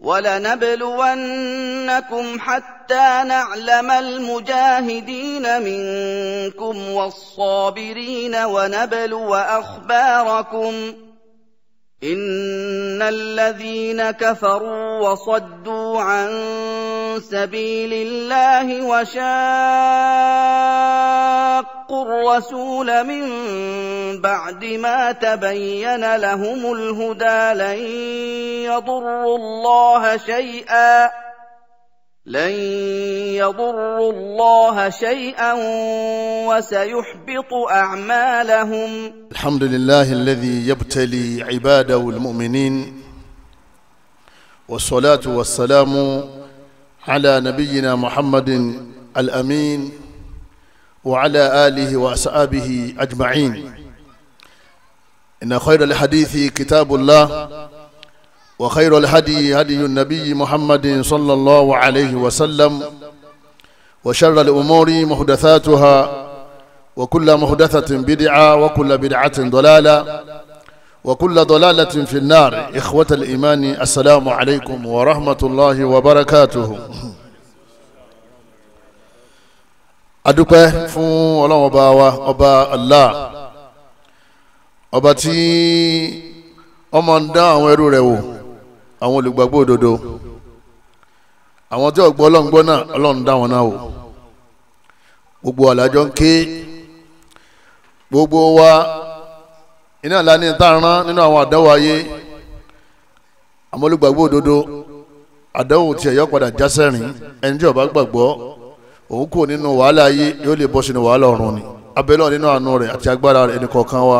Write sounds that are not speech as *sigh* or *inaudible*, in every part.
ولنبلونكم حتى نعلم المجاهدين منكم والصابرين ونبلو اخباركم ان الذين كفروا وصدوا عن سبيل الله وشاق واتقوا الرسول من بعد ما تبين لهم الهدى لن يضروا الله شيئا لن يضروا الله شيئا وسيحبط اعمالهم الحمد لله الذي يبتلي عباده المؤمنين والصلاه والسلام على نبينا محمد الامين وعلى آله وأصحابه أجمعين إن خير الحديث كتاب الله وخير الهدي هدي النبي محمد صلى الله عليه وسلم وشر الأمور محدثاتها وكل محدثة بدعة وكل بدعة ضلالة وكل ضلالة في النار إخوة الإيمان السلام عليكم ورحمة الله وبركاته adúpẹ́ fún ọlọ́run ọba wa ọba Allah ọba tí ọmọ ń dá àwọn ẹrú rẹ̀ wò àwọn olùgbàgbọ́ òdodo àwọn tí ọ̀gbọ́ ọlọ́run gbọ́ náà ọlọ́run dá wọn náà wò gbogbo àlàjọ ń ké gbogbo wa iná ìlànà ìtaràn nínú àwọn àdáwò ayé àmọ́ olùgbàgbọ́ òdodo àdáwò tiẹ̀ yọ padà jásẹ̀rìn ẹni tí ó gbàgbọ́ òun kò nínú wàhálà ayé yóò lè bọ́ sínú wàhálà ọ̀run ni abẹ́lẹ́ nínú àánú rẹ̀ àti agbára rẹ̀ ẹnìkọ̀ọ̀kan wa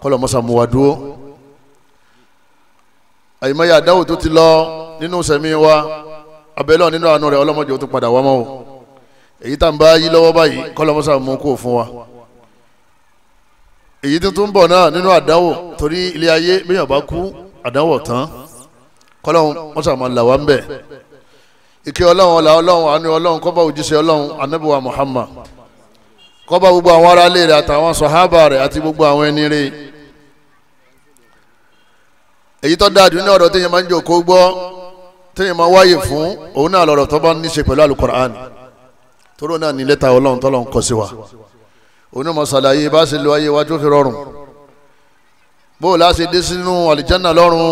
kọ́lọ̀ mọ́sà mú wa dúró. àyìnbáyà àdáwò tó ti lọ nínú sẹ̀mí wa abẹ́lẹ́ nínú àánú rẹ̀ ọlọ́mọdé ó tún padà wá mọ́ o èyí tá n bá yí lọ́wọ́ báyìí kọ́lọ̀ mọ́sà mú kó fún wa. èyí tuntun bọ̀ náà nínú àdáwò torí ilé ayé bí bá kú àdáwò tán kọ́lọ̀ mọ́sà máa là wá ń bẹ̀ ìkẹ́ ọlọ́run ọlà ọlọ́run àánú ọlọ́run kó bá òjíṣẹ́ ọlọ́run anábìwá Muhammad kó bá gbogbo àwọn aráalé rẹ̀ àtàwọn sọ̀hábà rẹ̀ àti gbogbo àwọn ẹni rẹ̀ èyí tó dáa dùn ní ọ̀rọ̀ téèyàn máa ń jòkó gbọ́ téèyàn máa wáyè fún òun náà lọ̀rọ̀ tó bá ní ṣe pẹ̀lú alukur'an tóró náà ní lẹ́tà ọlọ́run tọ́lọ́run kọ sí wa òun náà mọ̀ sàlàyé bá ṣe lo ayé wa fi rọrùn bó o láṣẹ dé sínú àlìjáná lọ́rùn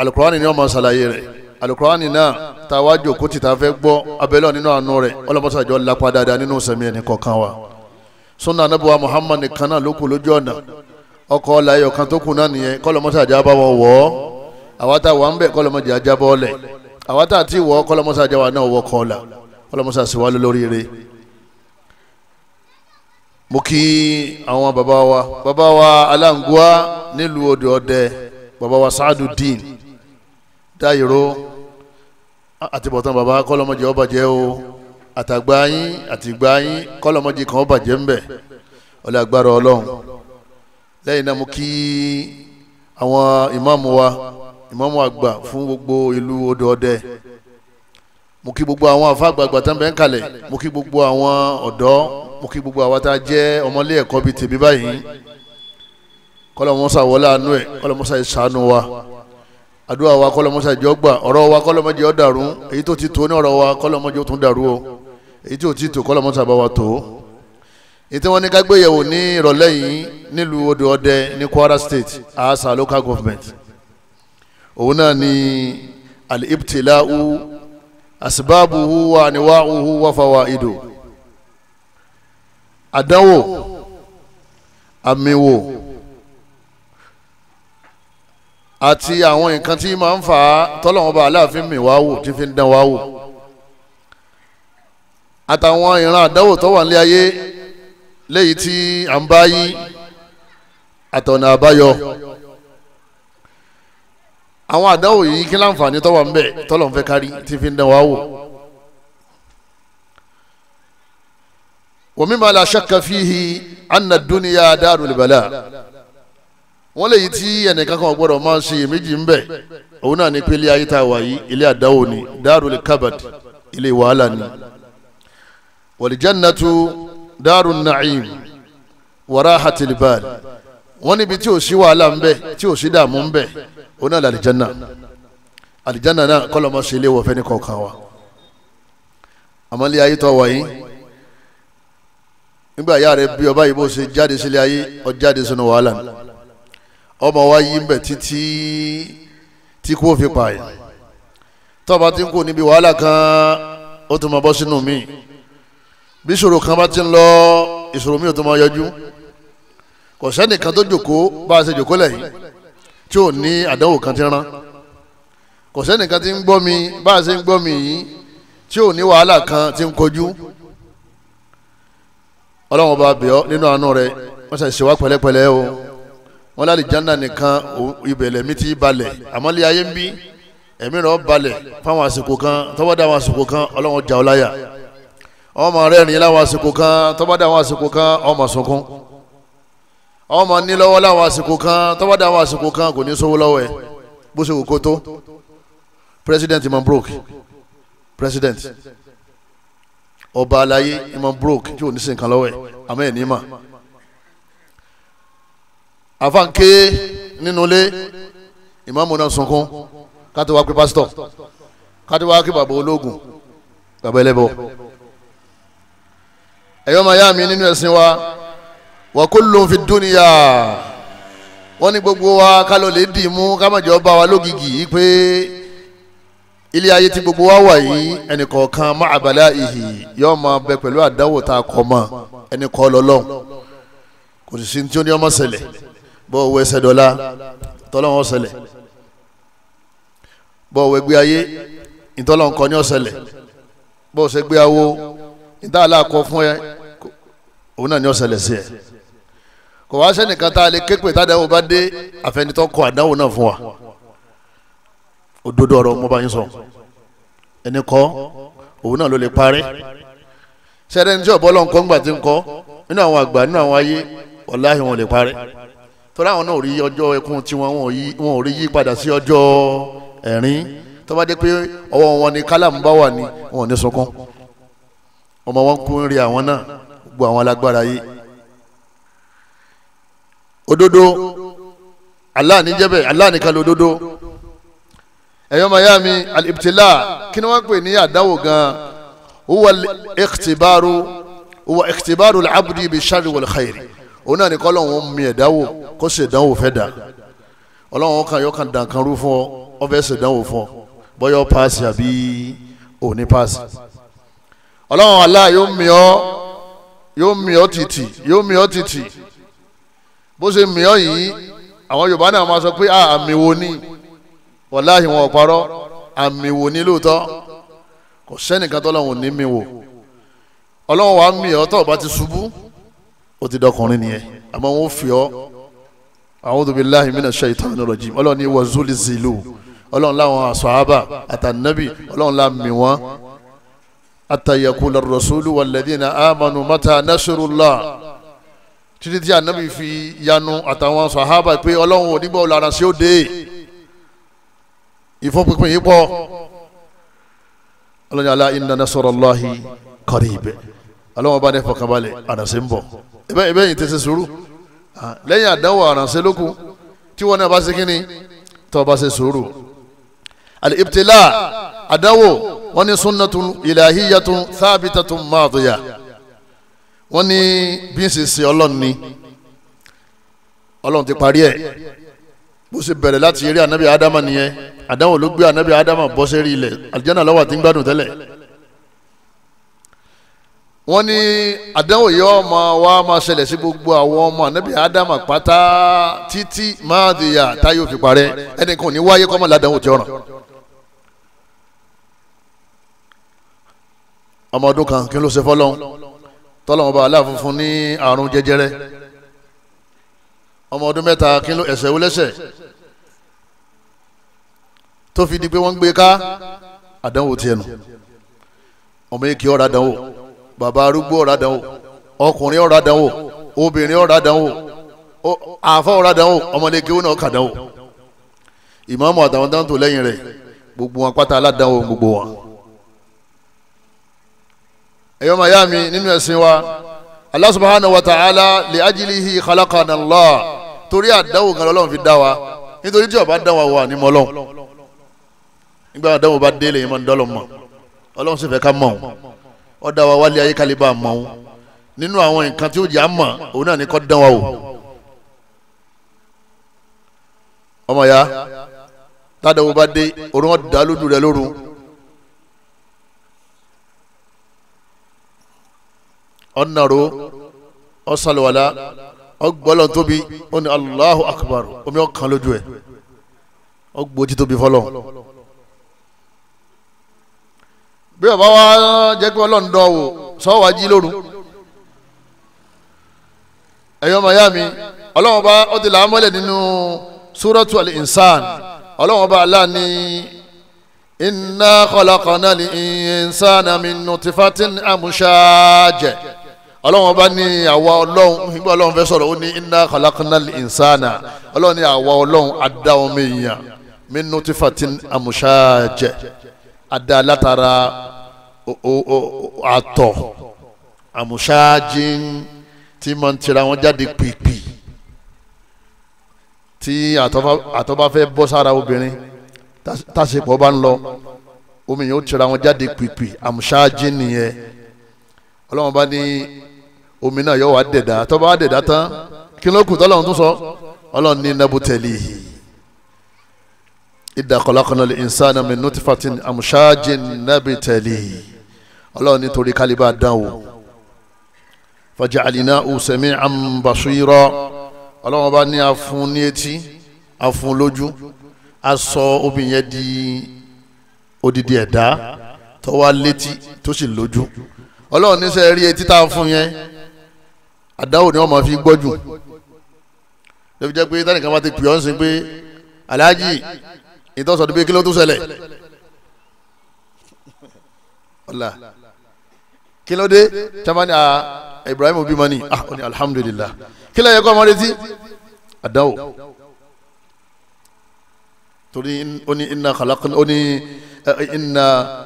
alukur'an ni wọ́n mọ̀ sàlàyé rẹ̀ alukurani náà tá a wá jòkó tí ta fẹ́ gbọ́ abẹ́lẹ́ nínú àánú rẹ̀ ọlọ́mọṣájọ́ lápá dáadáa nínú sẹ́mi ẹni kọ̀ọ̀kan wa sunna anabuwa muhammad nìkan náà ló kù lójú ọ̀nà ọkọ̀ ọ̀la ẹ̀yọ̀ kan tó kù náà nìyẹn kọ́lọ́mọṣájá bá wọn wọ̀ ọ́ àwa tá a wà ń bẹ̀ kọ́lọ́mọjà já bọ́ ọ̀lẹ̀ àwa tá a ti wọ̀ ọ́ kọ́lọ́mọṣájá náà wọ̀ kọ́ọ̀la kọ́lọ́mọṣáṣí wa lórí rẹ̀ mo kí àwọn bàbá wa bàbá wa aláǹgùwá nílùú odò bàbá wa saadu dín dáyìró àtibọ̀tán bàbá kọ́lọ́mọdé ó bàjẹ́ o àtàgbà yín àtìgbà yín kọ́lọ́mọdé kan ó bàjẹ́ ń bẹ̀ ọlẹ́ agbára ọlọ́run lẹ́yìn náà mo kí àwọn ìmáàmù wa ìmáàmù àgbà fún gbogbo ìlú odò ọdẹ mo kí gbogbo àwọn àfa àgbààgbà tán bẹ́ẹ̀ ń kalẹ̀ mo kí gbogbo àwọn ọ̀dọ́ mo kí gbogbo àwa tá a jẹ́ ọmọlé ẹ̀kọ́ bíi tèmi báyìí kọ́lọ́mọsà wọlé àánú ẹ̀ kọ́lọ́mọsà ìṣàánú wa àdúrà wa kọ́lọ́mọṣà jọ gbà ọ̀rọ̀ wa kọ́lọ́mọjì ọ̀ dàrú èyí tó ti tó ní ọ̀rọ̀ wa kọ́lọ́mọjì ó tún dàrú o èyí tí ti tó kọ́lọ́mọṣà bá wa tó ètò wọn ní ká ní ìrọ̀lẹ́ yìí nílùú odò ọdẹ ní Kwara State asa local government òun náà ni al-ibtila'u asbabuhu wa aniwa'uhu wa fawaidu àdánwò àmì àti àwọn nǹkan tí máa ń fà á tọ́lọ́wọ́n bá aláàfin mi wá wò tí fi ń dán wá wò àtàwọn ìran àdánwò tó wà nílé ayé léyìí tí à ń bá yí àtọ̀nà àbáyọ àwọn àdánwò yìí kí láǹfààní tó wà ń tọ́lọ́wọ́n fẹ́ kárí tí fi ń dán wá wò. ومما لا شك فيه أن الدنيا دار البلاء wọ́n lè yí tí ẹnìkan kan gbọ́dọ̀ máa ṣe méjì ń bẹ̀ òun náà ní pé ilé ayé tá a wà yìí ilé àdáwò ni darul kabad ilé wàhálà ni wal jannatu darun na'im wa rahatil bal wọ́n níbi tí ò sí wàhálà ń bẹ̀ tí ò sí dààmú ń bẹ̀ òun náà làlìjánà àlìjánà náà kọ́lọ́ máa ṣe ilé wọ̀fẹ́ ní kọ̀ọ̀kan wa àmọ́ ayé tó wà yìí nígbà yára bí ọba yìí bó ṣe jáde sílé ayé ó jáde sínú wàhálà ni ọmọ wa yí mbẹ títí tí kò fi pààyàn tọ́ba tí ń kò níbi wàhálà kan ó tún máa bọ́ sínú mi bí ìṣòro kan bá ti ń lọ ìṣòro mi ò tún máa yọjú kò sẹ́nìkan tó jòkóó bá a ṣe jòkóó lẹ́yìn tí ò ní àdánwò kan ti rán kò sẹ́nìkan tí ń gbọ́ mi bá a ṣe ń gbọ́ mi yìí tí ò ní wàhálà kan ti ń kojú ọlọ́run ọba àbíọ́ nínú àánú rẹ̀ wọ́n ṣe ṣe wá pẹ̀lẹ́pẹ̀lẹ́ o wọn lálẹ́ janna nìkan ibẹ̀lẹ̀ mi ti balẹ̀ àmọ́lẹ́ ayé ń bí ẹ̀mí rẹ̀ balẹ̀ fáwọn àsìkò kan tọ́wọ́dà àwọn àsìkò kan ọlọ́run jà ọ́ láyà ọmọ rẹ̀ rìn láwọn àsìkò kan tọ́wọ́dà àwọn àsìkò kan ọmọ sunkún ọmọ nílọ́wọ́ láwọn àsìkò kan tọ́wọ́dà àwọn àsìkò kan kò ní sówó lọ́wọ́ ẹ̀ bó ṣe wò kó tó president imam broke president ọba alaye imam broke tí ò ní sìn kan lọ́wọ́ ẹ̀ àmọ́ ní mà àfànké nínú ilé ìmáàmù náà sunkún káti wá pé pásítọ̀ káti wá pé bàbá ológun bàbá ẹlẹ́bọ ẹ̀yọ́ máa yá mi nínú ẹ̀sìn wa wa kullun fi dunya wọ́n ní gbogbo wa kálọ̀ lè dì mú kámọ̀jọ́ bá wa lógìgì pé ilé ayé tí gbogbo wa wà yìí ẹnìkọ̀ọ̀kan má àbálá ìhì yóò máa bẹ pẹ̀lú àdáwò tá a kọ́ mọ́ kò sì sí ní ní ọmọ ṣẹlẹ̀ bọ́ owó ẹsẹ̀ dọ́là tọ́lọ́wọ́n ṣẹlẹ̀ bọ́ owó ẹgbẹ́ ayé ìtọ́lọ́wọ́n kọ́ ní ọ̀ṣẹlẹ̀ bọ́ ọ̀ṣẹ̀ gbé awo ìdáàlà kọ fún ẹ òun náà ní ọ̀ṣẹlẹ̀ sí ẹ kò wá sẹ́nìkan tá a lè képe tá a dáwọ́ bá dé àfẹnitọ́ kọ àdáwò náà fún wa òdodo ọ̀rọ̀ mo bá yín sọ ẹni kọ́ òun náà ló lè parí sẹ́dẹ̀ẹ́ni tí ọ̀bọ́lọ́ nǹkan gbà ti ń kọ́ nínú àwọn àgbà nínú àwọn ayé ọ̀láhìn wọn lè parí torí àwọn náà ò rí ọjọ́ ẹkún tí wọn wọn ò rí yí padà sí ọjọ́ ẹ̀rín tó bá dé pé ọwọ́ wọn ni kálàmù bá wà ní wọn ò ní sunkún ọmọ wọn kú ń rí àwọn náà gbogbo àwọn alágbára yìí òdodo Allah ni jẹ́bẹ̀ Allah nìkan ló dodo ẹ̀yọ́ mayami alibtila kí ni wọ́n pè ní àdáwò gan huwa ikhtibaru huwa ikhtibaru al-abdi bi sharri wal khayri òun náà ní kọ́ lọ́wọ́ mi ẹ̀dáwò kó ṣèdánwò fẹ́ dà ọlọ́wọ́n kan yọ̀kan dànkan rú fún ọ ọ fẹ́ ṣèdánwò fún ọ bọ́yọ̀ paasi àbí òní paasi ọlọ́wọ́n Allah yóò mi ọ yóò mi ọ títì yóò mi ọ títì bó ṣe mi ọ yìí àwọn Yorùbá náà máa sọ pé ah, àmì wo ni wàláhì wọn ò àmì wo ni lóòótọ́ kò sẹ́nìkan tọ́lọ́wọ́n ní mi wò ọlọ́wọ́n wàá mi ọ tọ́ọ̀ bá ti ṣubú ó ti dọkùnrin nìyẹn àmọ́ wọn fi ọ́ a'udhu billahi minash shaitanir rajim ọlọ́run ní wazuli zilu ọlọ́run láwọn asọ́hábà àtànẹ́bì ọlọ́run la mì wọ́n àtàyẹ̀kùlẹ̀ rọ̀ṣúlù walladhina amanu mata nasrullah títí tí ànábì fi yanu àtàwọn asọ́hábà pé ọlọ́run onígbà ọ̀làrà sí òde ìfọ́npinpin yìí pọ̀ ọlọ́run yàrá inna nasrullahi qarib ọlọ́wọ́n bá dẹ́ fọkànbalẹ̀ àránṣẹ́ ń bọ̀ ẹ̀bẹ́ ẹ̀bẹ́ yìí tẹ̀sẹ̀ sùúrù lẹ́yìn àdánwò àránṣẹ́ lókù tí wọ́n náà bá ṣe kínní tó bá ṣe sùúrù. al-ibtila àdánwò wọ́n ní sunnatun ilahiyatun thabitatun maadiya wọ́n ní bí ń ṣe ṣe ọlọ́run ni ọlọ́run ti parí ẹ̀ bó ṣe bẹ̀rẹ̀ láti eré anabi adama nìyẹn àdánwò ló gbé anabi adama bọ́ sẹ́rí ilẹ̀ àlùjánnà ló wà gbádùn tẹ́lẹ̀ wọ́n ní àdánwò yóò mọ wá máa ṣẹlẹ̀ sí gbogbo àwọn ọmọ ànábì ádámà pátá títí máa di yà táyọ̀ fi parẹ́ ẹnìkan ò ní wáyé kọ́mọ ládàáwò tí ọ̀ràn. ọmọ ọdún kan kí ló ṣe fọlọ́n tọ́lọ́mọ bá aláàfin fún ní àrùn jẹjẹrẹ ọmọ ọdún mẹ́ta kí ló ẹ̀ṣẹ̀ wọlẹ́ṣẹ̀ tó fi di pé wọ́n ń gbé ká àdánwò tiẹ̀ nù ọmọ yìí kì í ọ̀rọ̀ àdánwò bàbá arúgbó ọ̀ràdánwò ọkùnrin ọ̀ràdánwò obìnrin ọ̀ràdánwò àfọ ọ̀ràdánwò ọmọlẹ́kẹ́ wọn náà kàdánwò ìmáàmù àtàwọn dáńtò lẹ́yìn rẹ̀ gbogbo wọn pátá aládánwò gbogbo wọn. ẹ̀yọ́ màá yá mi nínú ẹ̀sìn wa Allah subhanahu wa ta'ala li ajilihi khalaqana Allah torí àdánwò gan lọ́lọ́run fi dá wa nítorí tí ọba dánwò wa ní mọ́lọ́n nígbà àdánwò bá délé yìí máa ń dọ́lọ́ mọ́ ọlọ́run sì fẹ́ ká mọ̀ ó dá wa wálé ayé kálí bá a mọ̀ ọ́n nínú àwọn nǹkan tí ó jẹ́ àmọ́ òun náà ní kọ́ dán wa o ọmọ ya tádàwó bá dé òun ọ̀dà lójú rẹ lórun ọ̀nàró ọ̀sàlùwàlà ọgbọ́lọ̀ tóbi ó ní Allahu Akbar omi ọ̀kan lójú ẹ̀ ọgbọ́jú tóbi fọlọ́ bí bàbá wa jẹ́ pé ọlọ́run dán wò sọ wá jí lóru ẹ̀yọ́ mayami ọlọ́run bá ó ti là á mọ́lẹ̀ nínú suratu al-insan ọlọ́run bá aláà ní inna khalaqna al-insana min nutfatin amshaj ọlọ́run bá ní àwa ọlọ́run nígbà ọlọ́run fẹ́ sọ̀rọ̀ ó ní inna khalaqna al-insana ọlọ́run ní àwa ọlọ́run adá omi èèyàn min nutfatin amshaj adá látara àtọ̀ àmúṣáájí tí máa ń tira wọn jáde pìpì tí àtọ̀ bá fẹ́ bọ́ sára obìnrin tásìpọ̀ bá ń lọ omi yóò tira wọn jáde pìpì àmúṣáájí nìyẹn ọlọ́run bá ní omi náà yóò wá dẹ̀dá tó bá dẹ̀dá tán kí ló kù tọ́lọ́run tún sọ ọlọ́run ní nabutẹ̀lì idha khalaqnal insana min nutfatin amshajin nabtalihi ọlọ́run nítorí kálíbà dán o faja'alnahu sami'an basira ọlọ́run bá ní afun ní etí afun lójú a sọ obìnrin yẹn di odidi ẹ̀dá tó wá létí tó sì lójú ọlọ́run níṣẹ́ rí etí tá a fún yẹn àdáwò ni wọ́n máa fi gbọ́jù lóbi jẹ́ pé tánìkan bá ti pè ọ́ ń sin pé aláàjì ìtọ́sọ̀dún pé kí ló tún ṣẹlẹ̀ ọ̀la kí ló dé tẹ́fà ní ah, Ibrahim obìnrin ni ah ó ní alhamdulillah kí ló yẹ kó ọmọ retí àdáwò torí ó ní inna khalaqna ó ní eh, inna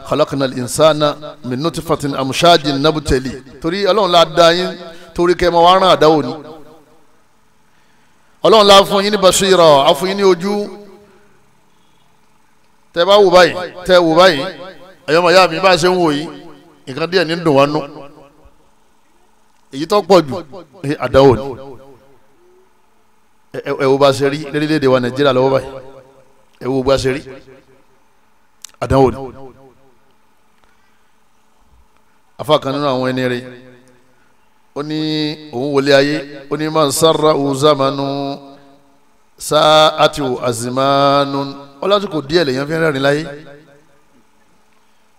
khalaqna al-insana min nutfatin amshajin nabtali torí ọlọ́run la dá yín torí kẹ́ ẹ ma wá rán àdáwò ni ọlọ́run la fún yín ní basira a fún yín ní ojú tẹ́ bá wò báyìí tẹ́ wò báyìí ẹ̀yọ́mọ̀ yá mi bá ṣe ń wò yìí nǹkan díẹ̀ ní dùn wá nú èyí tó pọ̀ jù àdáwò ni ẹ wo bá ṣe rí lórílẹ̀‐èdè wa nàìjíríà lọ́wọ́ báyìí ẹ wo bá ṣe rí àdáwò ni afa kan nínú àwọn ẹni rẹ ó ní òun wọlé ayé ó ní máa ń sára òun zámanú sáà àti òun àzìmánú ọlọ́sùkò díẹ̀ lèèyàn fi ń rẹ́rìn láyé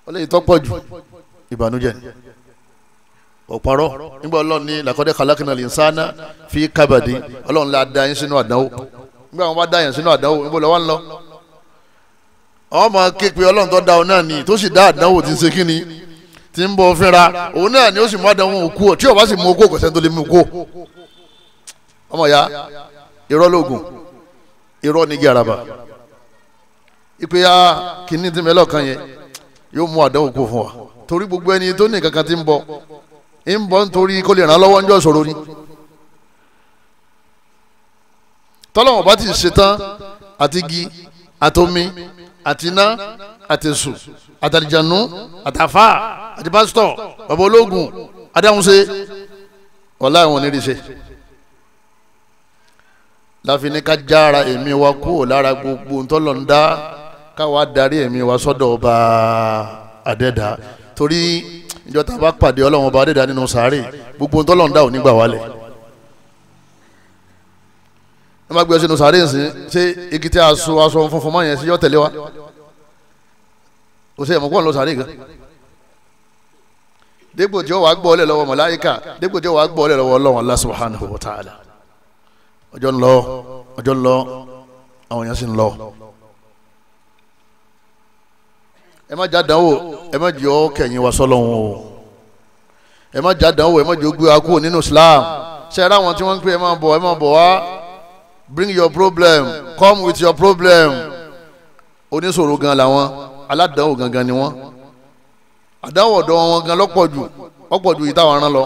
ó lè tọ́pọ̀ jù ìbànújẹ́ ọ̀pọ̀rọ̀ nígbà ọlọ́run ní làkọ́dẹ́ kàlákìnà lè sáná fi kábàdì ọlọ́run la da yín sínú àdánwò nígbà wọn bá da yín sínú àdánwò níbo lọ́wọ́ ń lọ. ọmọ kéèpé ọlọ́run tó da ọ náà ni tó sì dá àdánwò ti ń ṣe kíni ti ń bọ fínra òun náà ni ó sì mú àdánwò òkú ọ tí ó bá sì mú okó kò tó lè mú okó. ọmọ ya irọ́ lóògùn irọ́ ní gàràbà ìpè ya kìíní kan yẹn yóò mú àdánwò òkú fún wa torí gbogbo ẹni tó ní kankan ti ń bọ ń bọ nítorí kó lè ràn án lọ́wọ́ ńjọ́ ṣòro ni tọ́lọ́wọ́n bá ti ṣetán àti igi àtomi àtiná àtẹ̀sù àtàlìjànú àtàfà àti pásítọ̀ bàbá ológun adáhunṣe ọ̀la àwọn onírìṣẹ́ láfi ní ká jára ẹ̀mí wa kúrò lára gbogbo ntọ́lọ̀ ń dá káwa darí ẹ̀mí wa sọ́dọ̀ ọba àdẹ́dàá torí ìjọ tá a bá pàdé ọlọ́run ọba adéda nínú sàárè gbogbo ohun tọ́lọ́run dá ò ní gbà wálẹ̀ ẹ má gbé ọ sínú sàárè ǹsìn ṣé igi tí a so aṣọ funfun mọ́ yẹn sí yọ tẹ̀lé wa kò sí ẹ̀mọ́ pọ̀ ń lọ sàárè gan dégbò tí ó wàá gbọ́ ọlẹ́ lọ́wọ́ màláíkà dégbò tí ó wàá gbọ́ ọlẹ́ lọ́wọ́ ọlọ́run Allah subhanahu wa ẹ má já dánwò ẹ má jẹ́ ọ kẹ̀yìn wa sọ́lọ́hún o ẹ má já dánwò ẹ má jẹ́ gbé wa kúrò nínú Islam ṣe é ráwọn tí wọ́n ń pè é má bọ̀ ẹ má bọ̀ wá bring your problem come with your problem oníṣòro gan làwọn aládánwò gangan ni wọ́n àdánwò ọ̀dọ́ wọn gan lọ́pọ̀ jù ọ̀pọ̀ jù yìí táwọn aràn lọ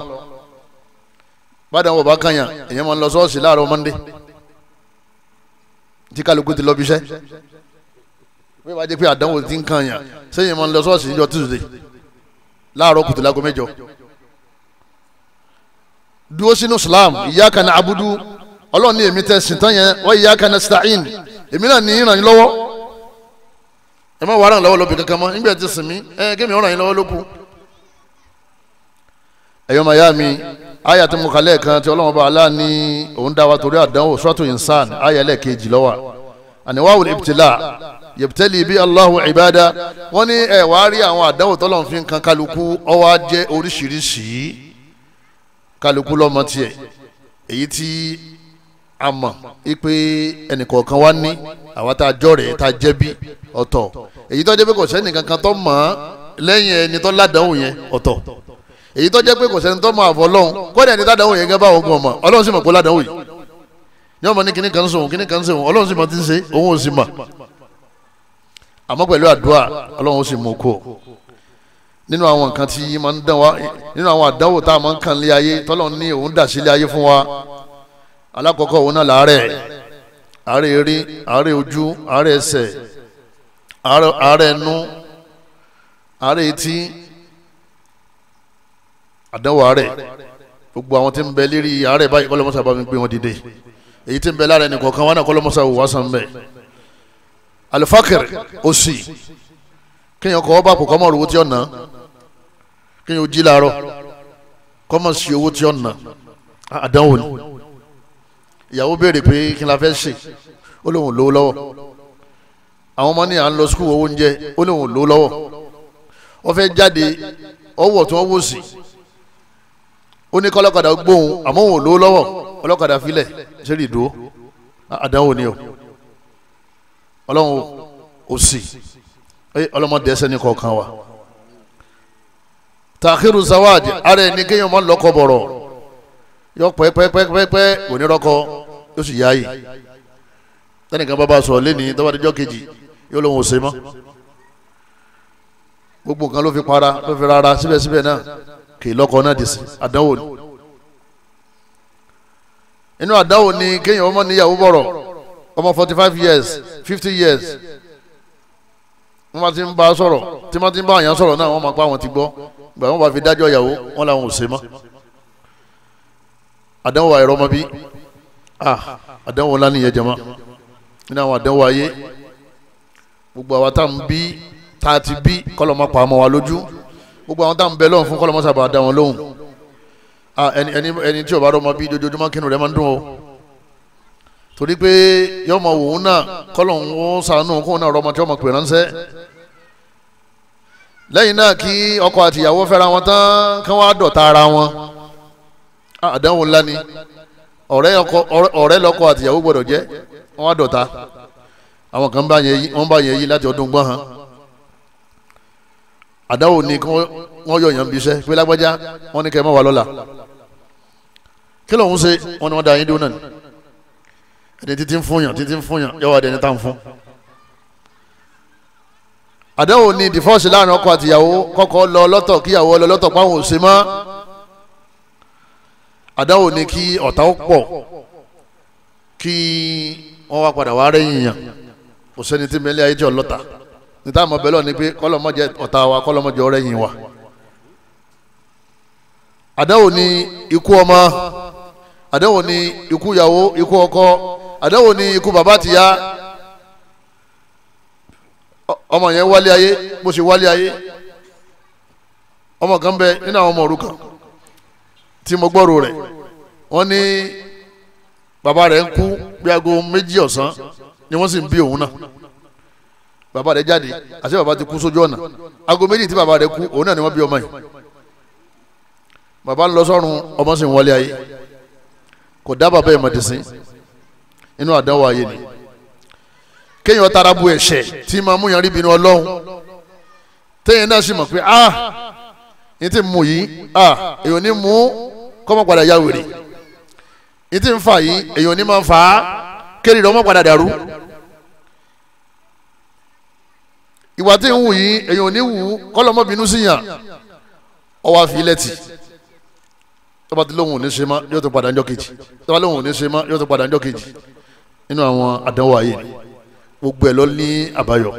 bàdánwò bá kànyàn èèyàn máa ń lọ sọ́ọ̀sì láàárọ̀ Monday tí kálukú ti lọ bí iṣẹ́ bí wàá jẹ́ pé àdánwò ti ń kàn yàn sẹ́yìn máa ń lọ sọ́ọ̀sì níjọ́ tuesday láàárọ̀ kùtù láago mẹ́jọ. dúró sínú islam iyyaka na'budu ọlọ́run ní èmi tẹ̀sìn tán yẹn wa iyyaka nasta'in èmi náà ní ìràn yín lọ́wọ́ ẹ má wàá ràn lọ́wọ́ lọ́bì kankan mọ́ nígbà tí sìn mí ẹ kémi ọ̀ràn yín lọ́wọ́ ló kù. ẹ̀yọ́ màá yá mi àyà tí mo kà lẹ́ẹ̀kan tí ọlọ́run bá aláà ní òun dá wa torí àdánwò suratu insan àyà ẹlẹ́ẹ̀kejì lọ́wà àníwáwò ibtila yabtali bi Allahu ibada wọ́n ní ẹ̀ wá rí àwọn àdánwò tọ́lọ̀ fi ń kan kálukú ó wá jẹ́ oríṣiríṣi kálukú lọ́mọ tiẹ̀ èyí tí a mọ̀ pé ẹnìkọ̀ọ̀kan wá ní àwa tá a jọ rẹ̀ tá a jẹ́bi ọ̀tọ̀ èyí tó jẹ́ pé kò sẹ́ni kankan tó mọ̀ lẹ́yìn ẹni tó ládàáwò yẹn ọ̀tọ̀ èyí tó jẹ́ pé kò sẹ́ni tó mọ̀ àfọ ọlọ́run ẹni ládàáwò yẹn gẹ́gẹ́ ogun ọmọ ọlọ́run sì mọ̀ pé ládàáwò yìí yọ́n mọ̀ ní kíní kan sóhun kíní kan sóhun ọlọ́run sì mọ̀ ti ń ṣe òun ò sì mọ̀ àmọ́ pẹ̀lú àdúrà ọlọ́run ó sì mú kó nínú àwọn nǹkan tí máa ń dán wa nínú àwọn àdánwò tá a máa ń kàn lé ayé tọ́lọ́run ní òun dà sílé ayé fún wa alákọ̀ọ́kọ́ òun náà làárẹ̀ àárẹ̀ eré àárẹ̀ ojú àárẹ̀ ẹsẹ̀ àárẹ̀ ẹnu àárẹ̀ etí àdánwò àárẹ̀ gbogbo àwọn tí ń bẹ lérí àárẹ̀ báyìí kọ́lọ́mọ́sá bá mi gbé wọn dìde èyí tí ń bẹ lára ẹnì wọn náà kọ́lọ́mọ́sá wò wá sàn bẹ́ẹ̀ alifakiri òsì kéèyàn kọ́ ọ́bà kò mọ̀ owó tí ó ná kéèyàn jí làárọ̀ kọ́ mọ̀ sí owó tí ó ná àdánwò ni ìyàwó béèrè pé kí n la fẹ́ se? ó lóun lówó lọ́wọ́ àwọn ọmọ ní à ń lọ sukùl owó oúnjẹ ó lóun lówó lọ́wọ́ wọ́n fẹ́ jáde ọwọ́ tí wọ́n wò sí ó ní kọ́lọ́kadà gbóhùn àmọ́ òun lówó lọ́wọ́ ọlọ́kadà filẹ̀ ṣe rí ìdúró àdánwò ni o ọlọ́run ò sì ọlọ́mọdé ẹsẹ̀ ní kọ̀ọ̀kan wa tàkìrù zawad ara ẹni kéèyàn máa ń lọ́kọ̀ bọ̀rọ̀ yọ pẹ́pẹ́pẹ́pẹ́ onírọ́kọ yóò sì yáàyè tẹnìkan bá bá a sọ̀rọ̀ lẹ́nìí tó bá dijọ́ kejì yóò lóun ò ṣe mọ́ gbogbo nǹkan ló fi para ló fi rara síbẹ̀síbẹ̀ náà kì í lọ́kọ náà dì sí àdánwò ni inú àdánwò ni kéèyàn ọmọ níyàwó bọ̀rọ̀ ọmọ forty five years fifty years wọ́n bá ti ń bá a sọ̀rọ̀ tí wọ́n ti ń bá àyàn sọ̀rọ̀ náà wọ́n máa pa àwọn ti gbọ́ gbà wọ́n bá fi dájọ́ ìyàwó wọn làwọn ò ṣe mọ́ àdánwò àìrọ́ ọmọ bí àdánwò ńlá nìyẹn jẹ mọ́ nínú àwọn àdánwò ayé gbogbo àwa tá à ń bí tá a ti bí kọ́lọ́mọ́ pa ọmọ wa lójú gbogbo àwọn tá à ń bẹ lọ́hùn fún kọ́lọ́mọ́ sábà dá wọn lóhùn ẹni tí ò bá rọ́ ọmọ bí dojoojúmọ́ kínú rẹ̀ máa ń dùn o. torí pé yọmọ ma wòun náà kọlọ̀ ń wó náà rọmọ tí wọ́n pè ránṣẹ́ lẹ́yìn náà kí ọkọ ìyàwó fẹ́ra wọn tán kí wọ́n á dọ̀ta ara wọn àdánwò ńlá ni ọ̀rẹ́ lọ́kọ gbọ́dọ̀ jẹ́ wọ́n á dọ̀ta àwọn kan bá yẹn yí láti ọdún gbọ́n àdánwò ni wọ́n yàn pé lágbájá wọ́n ní kẹ́ ẹ lọ́la kí lóun ṣe wọn ni wọ́n da yín dúró náà ẹni títí ń fún yàn títí ń fún yàn yọ wà dẹni tá ń fún. àdéhùn ni divorce láàrin ọkọ àtìyàwó kọ́kọ́ lọ lọ́tọ̀ kíyàwó lọ lọ́tọ̀ páwọn ò ṣe mọ́ àdéhùn ni kí ọ̀tá ó pọ̀ kí wọ́n wá padà wá rẹ́yìn yàn kò tí mẹ́lẹ́ ayé jẹ́ ọlọ́ta níta àmọ́ bẹ́lọ̀ ni pé kọ́lọ́mọ́jẹ ọ̀tá wa kọ́lọ́mọ́jẹ ọ̀rẹ́yìn wa àdéhùn ni ikú ọmọ àdéhùn ni ikú ìyàwó ikú ọkọ àdánwò ni ikú bàbá ti ya ọmọ yẹn wálé ayé mo ṣe wálé ayé ọmọ kan bẹ nínú àwọn ọmọ òrukàn tí mo gbọ́rò rẹ̀ wọ́n ní bàbá rẹ̀ ń kú bí aago méjì ọ̀sán ni wọ́n sì ń bí òun náà bàbá rẹ̀ jáde àti bàbá ti kú sójú ọ̀nà aago méjì tí bàbá rẹ̀ kú òun náà ọmọ yìí bàbá lọ sọ́run ọmọ sì ń inú àdánwò ayé ni kéèyàn tara bu ẹ̀ṣẹ̀ tí máa mú yàn rí bínú ọlọ́run téèyàn náà sì mọ̀ pé ah yìí ti mú yìí ah èèyàn ní mú kọ́mọ ya wèrè yìí ti ń fà yìí èèyàn ní máa fà á kéèrè rẹ̀ ọmọ padà dàrú ìwà tí ń wù yìí èèyàn ní wù kọ́lọ́mọ́ bínú sí yàn ọwọ́ àfi ilẹ̀ tọ́ba tí lóhùn ò ní ṣe mọ́ yóò tó padà ń jọ́ kejì tọ́ba lóhùn ò ní ṣe mọ́ yóò tó padà ń jọ́ kejì nínú àwọn àdánwò ayé gbogbo ẹ̀ lọ ní àbáyọ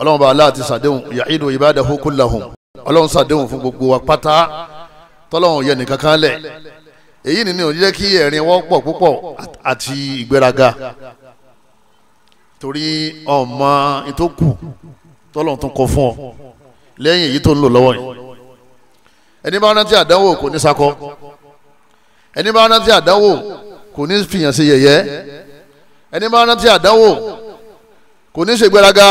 ọlọ́run bá aláàtì sàdéhùn ya'idu ibadahu kullahum ọlọ́run sàdéhùn fún gbogbo wa pátá tọ́lọ́run yẹ nìkan kan lẹ̀ èyí nìyí ò jẹ́ kí ẹ̀rín wọ́pọ̀ púpọ̀ àti ìgbéraga torí ọmọ ìtókù tọ́lọ́run tún kọ fún ọ lẹ́yìn èyí tó ń lò lọ́wọ́ yìí ẹni bá rántí àdánwò kò ní sakọ ẹni bá rántí àdánwò kò ní fìyàn sí yẹ̀yẹ́ ẹni máa rántí àdánwò kò ní ṣègbéraga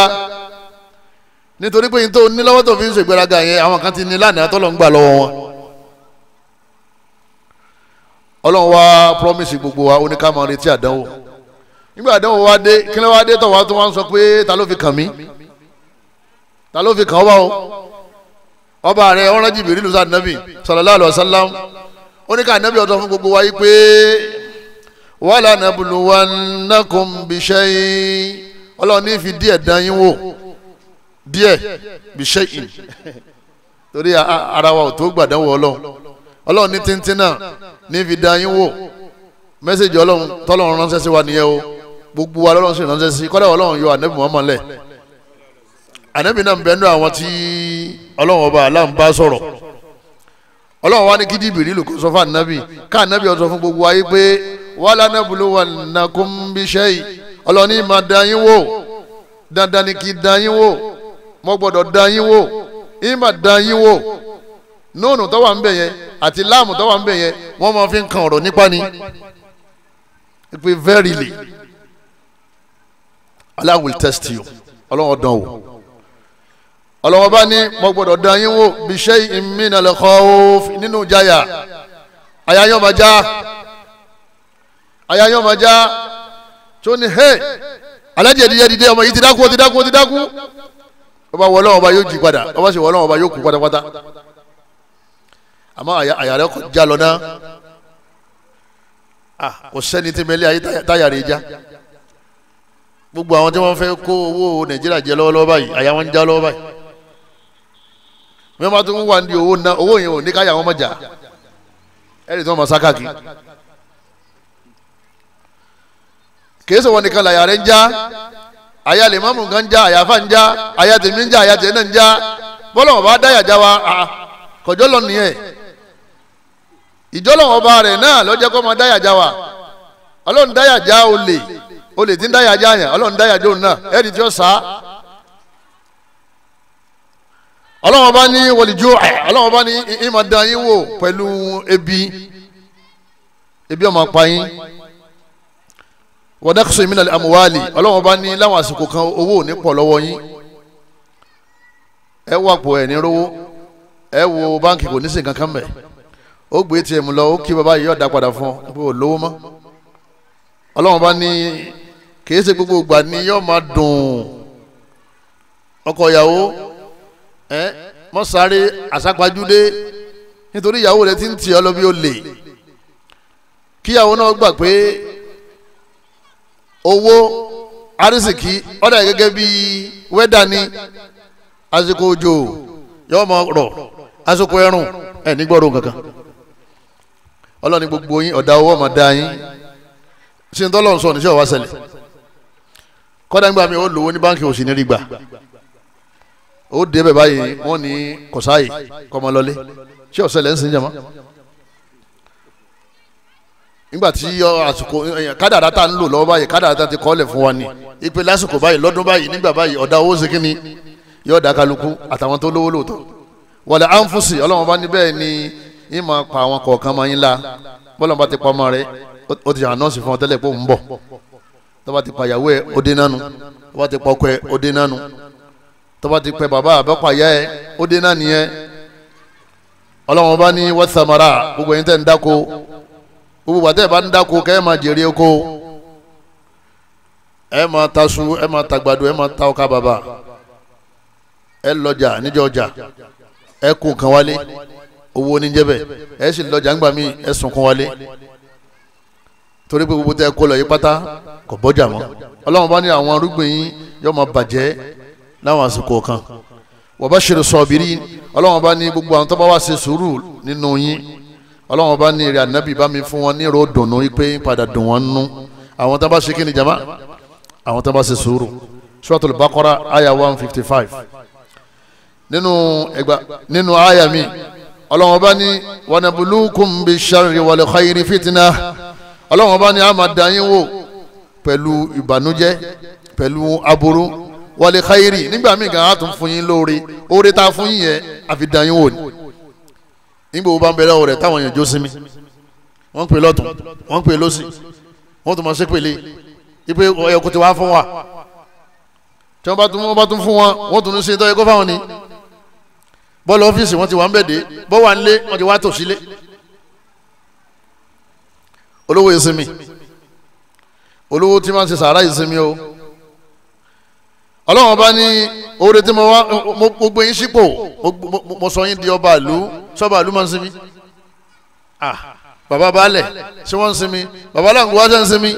nítorí pé nítorí nílọ́wọ́ tó fi ń ṣègbéraga yẹn àwọn kan ti ní lánàá tọ́lọ́ ń gbà lọ́wọ́ wọn. ọlọ́run wá promise gbogbo wa ó ní ká máa retí àdánwò nígbà àdánwò wá dé kí ló wá dé tọ̀wá tó wá ń sọ pé ta ló fi kàn mí ta ló fi kàn ọba o ọba rẹ ọ̀rọ̀ jìbìrì lùsàn nàbì sallallahu alaihi wasallam ó ní ká nàbì ó sọ fún gbogbo wa yìí pé wala nabluwannakum bishai ọlọ́run ní fi díẹ̀ dán yín wò díẹ̀ bishai torí ara wa ò tó gbàdánwò ọlọ́run ọlọ́run ní tíntín náà ní fi dán yín wò mẹ́sẹ̀gì ọlọ́run tọ́lọ́run ránṣẹ́ sí wa nìyẹn o gbogbo wa lọ́lọ́run sì ránṣẹ́ sí kọ́dà ọlọ́run yọ ànẹ́bí mọ́mọ́ lẹ̀ ànẹ́bí náà ń bẹ́ẹ̀ nú àwọn tí ọlọ́run ọba aláǹbá sọ̀rọ̀ ọlọ́run wa ní kí Jibrilu kó walanabuwannakum bishai ọlọ́ni máa dán yín wò dandan ni kì í dán yín wò mo gbọ́dọ̀ dán yín wò yín máa dán yín wò nóònù tó wà ń bẹ̀ yẹn àti láàmù tó wà ń bẹ̀ yẹn wọ́n máa fi ń ọ̀rọ̀ nípa ni pé verily Allah will test you ọlọ́wọ́ dán o ọlọ́wọ́ bá ní mo gbọ́dọ̀ dán yín wò bishai min al-khawf nínú jáyà àyà yóò máa já aya yóò máa já tó ní hey alájẹ dídé dídé ọmọ yìí ti dákú ó ti dákú ó ti dákú ọba wọlé ọba yóò jí padà ọba sì wọlé ọba yóò kú pátápátá àmọ́ àyà rẹ já lọ náà ah, kò sẹ́ni tí mẹ́lẹ́ ayé táyà rẹ̀ já gbogbo àwọn tí wọ́n fẹ́ kó owó nàìjíríà jẹ lọ́wọ́lọ́wọ́ báyìí àyà wọn já lọ́wọ́ báyìí mẹ́wàá tó ń wà ní owó náà owó yẹn ò ní káyà wọn mọ̀ jà ẹ̀rì tí wọ́n mọ̀ sákàkì kìí sọ̀wọ́ nìkan làyà rẹ̀ ń já àyà lèmọ́mù kan ń já àyàfà ń já àyà tèmi ń já àyà tèmi náà ń já bọ́lá wọn bá dáyà já wa kọjọ́ lọ nìyẹn ìjọ́lọ̀ ọba rẹ̀ náà lọ́jọ́ kọ́ máa dáyà já wa ọlọ́run dáyà já olè olè tí ń dáyà já yàn ọlọ́run dáyà jó náà ẹ̀rí tí ó sá ọlọ́run ọba ní wọlìjú ẹ̀ ọlọ́run ọba ní ìmọ̀ yín wò pẹ̀lú ebi ebi ọmọ pa yín wọ́dàkùsọ ìmìnà àmúwálì ọlọ́wọ́n bá ní láwọn àsìkò kan owó ò ní pọ̀ lọ́wọ́ yín ẹ wà pọ̀ ẹ̀ ní rówó ẹ wo báǹkì kò ní sìn kankan mẹ́ ó gbé ATM lọ ó kí bàbá yìí ọ̀dà padà fún ọ pé ò lówó mọ́ ọlọ́wọ́n bá ní kìí ṣe gbogbo ìgbà ni yóò máa dùn ọkọ ìyàwó ẹ mọ sáré àsápajúdé nítorí ìyàwó rẹ ti ń tì ọ lọ bí ó lè kíyàwó náà gbà pé owó arísìkí ọ̀dà gẹ́gẹ́ bí wẹ́dà ni àsìkò òjò yóò máa rọ̀ àsìkò ẹ̀rùn ẹ̀ nígbọ́rọ̀ kankan ọlọ́ni gbogbo yín ọ̀dà owó ọmọ dá yín ṣe ń tọ́lọ́run sọ níṣẹ́ ọ̀wá ṣẹlẹ̀ kọ́dà nígbà mi ó lówó ní báńkì òsì nírí gbà ó débẹ̀ báyìí wọ́n ní kọ̀sáyì kọ́mọlọ́lé ṣé ọ̀sẹ̀lẹ̀ ń sin jẹ́ mọ́ nígbà tí uh, àsìkò uh, kádàrá tá ń lò lọ́wọ́ báyìí kádàrá tá ti kọ́lẹ̀ fún wa ni ipe lásìkò báyìí lọ́dún báyìí nígbà báyìí ọ̀dà owó ṣe kínní yóò dá kálukú àtàwọn tó lówó lóòótọ́ wàlẹ̀ ánfùsì ọlọ́run bá ní ni yín pa àwọn kọ̀ọ̀kan máa yín la bọ́lá bá ti pa ọmọ rẹ ó ti ànọ́ọ̀sì fún ọ tẹ́lẹ̀ pé òun bọ̀ tó bá ti pa ìyàwó ẹ ó dé nánu tó bá ti pa ọkọ ẹ ó dé nánu tó ti pẹ bàbá àbẹ́pà ìyá ẹ ó dé nánu yẹn ọlọ́run bá ní wọ́n samara gbogbo yín tẹ́ ń dáko gbogbo àti ẹ̀ bá ń dáko kẹ́ ẹ̀ máa jèrè oko ẹ̀ máa tasu ẹ̀ máa tagbado ẹ̀ máa ta ọkà bàbà ẹ̀ lọ́jà níjọ́ ọjà ẹ̀ kún kan wálé owó oníjẹ́bẹ̀ ẹ̀ sì lọ́jà ńgbà míì ẹ̀ sùn kan wálé torí pé gbogbo tẹ ẹ kó lọ yìí pátá kò bọ́jà mọ́ ọlọ́run bá ní àwọn arúgbìn yín yóò máa bàjẹ́ láwọn àsìkò kan wa bashiru sabirin ọlọ́run bá ní gbogbo àwọn tó bá wá ṣe sùúrù nínú yín ọlọ́run bá ní èrè ànábì bá mi fún wọn ní ìró dùnú pé padà dùn wọn nú àwọn tó bá ṣe kíni jama àwọn tó bá ṣe sùúrù suratul baqara aya one fifty five nínú ẹgbà nínú aya mi ọlọ́run bá ní wanabulukum bisharri wal khayri fitna ọlọ́run bá ní a máa dá pẹ̀lú ìbànújẹ́ pẹ̀lú aburú wal khayri nígbà míì gan a tún fún yín lóore oore tá a fún yín yẹn àfi dá yín ni nígbà wo bá ń bẹ lọ́wọ́ rẹ̀ táwọn èèyàn jó sinmi wọ́n ń pè lọ́tún wọ́n ń pè lọ́sì wọ́n tún máa ṣe pèlè ipe ọ̀yọ̀ kò ti wá fún wa tí wọ́n bá tún wọ́n bá tún fún wọn wọ́n tún ní ṣe tọ́yẹ kó fáwọn ni bọ́ọ̀lù ọ́fíìsì wọ́n ti wà ń bẹ̀ dé bọ́ọ̀ wà ń wọ́n ti wá tò sílé olówó ìsinmi olówó tí máa ń sàárà ìsinmi o ọlọ́run ọba ní oore tí mo wá mo gbé yín sípò mo sọ yín di ọba ìlú sọba ìlú máa ń sinmi ah baba baálẹ̀ ṣé wọ́n ń sinmi baba aláǹgó wá ń sinmi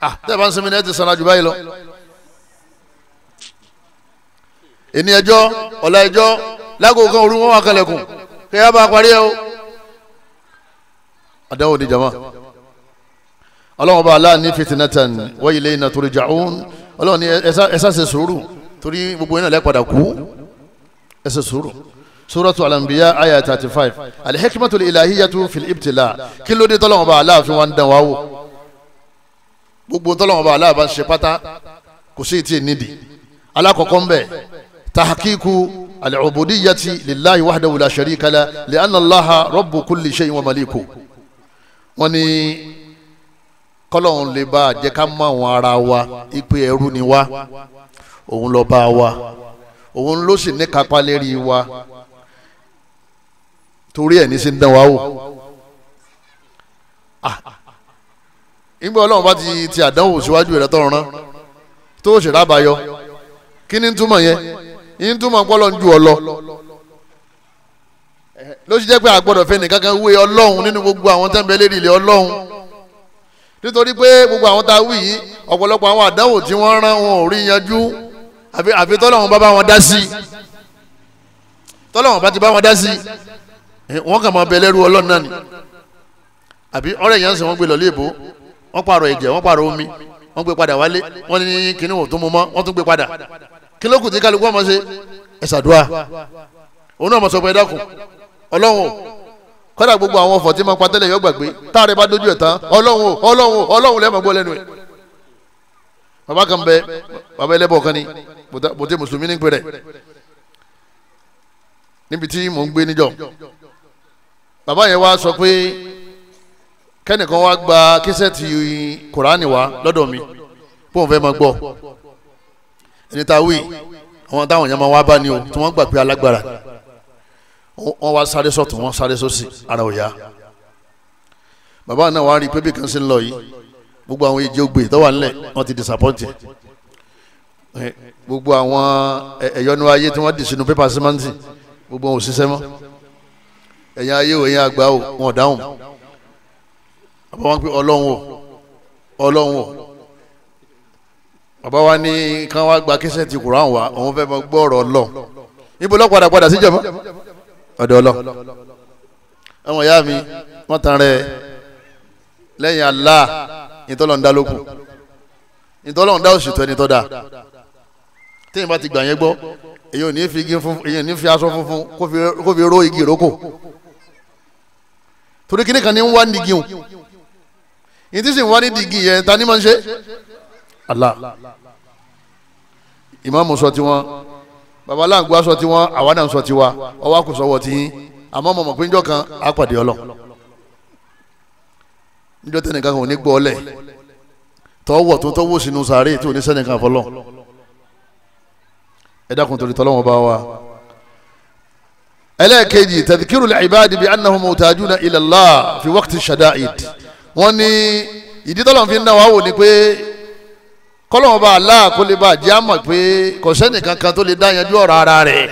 ah tẹ́ẹ̀ bá ń sinmi ní ẹ ti sanra jù báyìí lọ. èní ẹjọ́ ọ̀la ẹjọ́ lágò kan òru wọn wà kalẹ̀kùn kí ẹ bá parí ẹ o. àdáwò ni jama ọlọ́wọ́n bá aláàánú fitinatan wa ilayna turja'un ọlọ́wọ́n ni ẹ sá ṣe sùúrù torí gbogbo yẹn náà lẹ́ẹ̀ padà kú ẹ ṣe sùúrù suratu alambiya aya thirty five alihikimatu ilahiyatu fil ibtila kí ló dé tọ́lọ́wọ́n bá aláàfin wa ń dán wa wò gbogbo tọ́lọ́wọ́n bá aláàbá ń ṣe pátá kò sí ti nídi alakọ̀kọ́ ń bẹ̀ tahakiku alcubudiyati lillahi wahdahu la sharika la li'anna allaha kulli shay'in wa maliku wọ́n ní kọ́lọ́hún lè bá jẹ́ ká mọ àwọn ara wa ipe ẹrú ni wa òun lọ́ba wa òun ló sì ní kápá lérí wa torí ẹ̀ ní sí ń dán wa wò ìgbà ọlọ́run bá ti ti àdánwò síwájú rẹ̀ tọ̀run rán tó o sì rábàáyọ kí ni ń túmọ̀ yẹn ń túmọ̀ pọ́lọ́ ń ju ọ lọ ló ṣe jẹ́ pé àgbọ̀dọ̀ fẹ́ nìkankan wé ọlọ́run nínú gbogbo àwọn tẹ́ ń bẹ lérí ilé ọlọ́run nítorí pé gbogbo àwọn tá a wí yìí ọ̀pọ̀lọpọ̀ àwọn àdánwò tí wọ́n rán wọn ò rí yanjú àfi tọ́lọ́wọ́n bá bá wọn dá sí tọ́lọ́wọ́n bá ti bá wọn dá sí eh, wọ́n kàn máa bẹ lẹ́rú ọlọ́run náà ni àbí ọ̀rẹ́ yẹn ń sìn wọ́n gbé lọ léèbó wọ́n pààrọ̀ ẹ̀jẹ̀ wọ́n pààrọ̀ omi wọ́n gbé padà wálé wọ́n ní kinní wò tó mu mọ́ wọ́n tún gbé padà kí ló kù tí kálukú ọmọ ṣe ẹ̀sàdúà òun náà mọ̀ sọ pé ẹ dákun ọlọ́run kọ́dà gbogbo àwọn ọ̀fọ̀ tí máa pa tẹ́lẹ̀ yọ baba kan bẹ baba ẹlẹ́bọ kan ni bòtẹ mùsùlùmí ní pẹrẹ níbi tí mò ń gbé níjọ baba yẹn wá sọ pé kẹ́nìkan wá gba kíṣẹ́ẹ̀tì kùránì wá lọ́dọ̀ mi bóun fẹ́ máa gbọ́ ẹni tá a wí àwọn táwọn yẹn máa wá bá ní o tí wọ́n gbà pé alágbára wọ́n wá sáré sọ̀tún wọ́n sáré sósì ara ò baba náà wá rí pé bí kan ṣe ń lọ yìí gbogbo àwọn ìjẹ ògbè tó wà nílẹ̀ wọ́n ti disappoint gbogbo àwọn ẹ̀yọ́nú ayé tí wọ́n dì sínú pépà símáǹtì gbogbo wọn ò ṣiṣẹ́ mọ́ ẹ̀yìn ayé ò ẹ̀yìn àgbà ò wọn ò dáhùn bàbá wọn pe ọlọ́run o ọlọ́run o bàbá wa ní kán wá gba kíṣẹ́ ti kùrán wa òun fẹ́ mọ gbọ́ ọ̀rọ̀ ọlọ́run níbo lọ́ padà padà síjọba ọ̀dọ̀ ọlọ́run àwọn ìyá mi wọ́n tan rẹ̀ lẹ́yìn Allah ìtọ́lọ̀ ń dá lókun ìtọ́lọ̀ ń dá òṣì tó ẹni tó dáa téèyàn bá ti gbà yẹn gbọ́ èyàn ò ní fi igi funfun èyàn ò ní fi aṣọ funfun kó fi ró igi ìrókò torí kíní kan ní ń wá nídìí o yìí tí sì ń wá nídìí igi yẹn ta ni máa ń ṣe Allah ìmáàmù sọ tiwọn babaláàgbà sọ tiwọn àwa náà sọ tiwa ọwọ́ àkùsọ̀wọ̀ tiyín àmọ́ mọ̀mọ́ pé kan á pàdé níjọ́ tẹ́nìkan kò ní gbọ́ ọlẹ̀ tọ́wọ̀ tó tọ́wọ́ sínú sàárè tí ò ní sẹ́nìkan fọlọ́ ẹ dákun torí tọ́lọ́wọ́n bá wa. ẹlẹ́ẹ̀kejì tadhkiru al-ibadi bi annahum mutajuna ila Allah fi waqti shada'id wọ́n ní ìdí tọ́lọ́wọ́n fi ń dá wa wò ni pé kọ́lọ́wọ́n bá Allah kó lè bá a jẹ́ àmọ̀ pé kò sẹ́nìkan kan tó lè dá yanjú ọ̀rọ̀ ara rẹ̀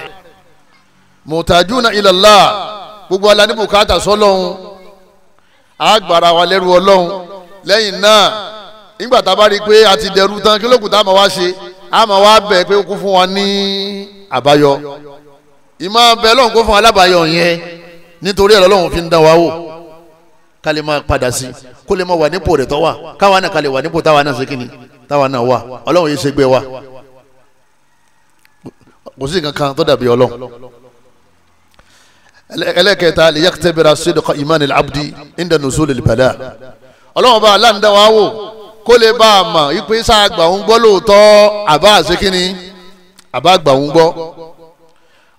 mutajuna ila Allah gbogbo alá ní bùkátà sọ́lọ́hún àgbàrá wa lẹ́rù ọlọ́run lẹ́yìn náà nígbà tá a bá rí i pé a ti dẹrù tán kí lóògùn tá a máa wá ṣe a máa wá bẹ̀ pé kó fún wa ní àbáyọ ìmọ̀ bẹ́ẹ̀ lọ́hùn kó fún wa lábàáyọ yẹn nítorí ẹ̀rọ lọ́hùn fi ń dán wa wò ká lè máa padà sí kó lè máa wà nípò rẹ̀ tọ́ wà káwa náà ká lè wà nípò táwa náà ṣe kíni táwa náà wà ọlọ́run yìí ṣe gbé wa kò sí nǹkan kan tó dàbí ọlọ́run ẹlẹ́kẹta lè yàtẹ̀bẹ̀rẹ̀ sídìkọ ìmánì abdi inda nuzul ìbàdà ọlọ́run bá aláǹdáwá wò kó lè bá a mọ̀ ipe sáà gbà ń gbọ́ lóòótọ́ àbá àṣekínni àbá gbà ń gbọ́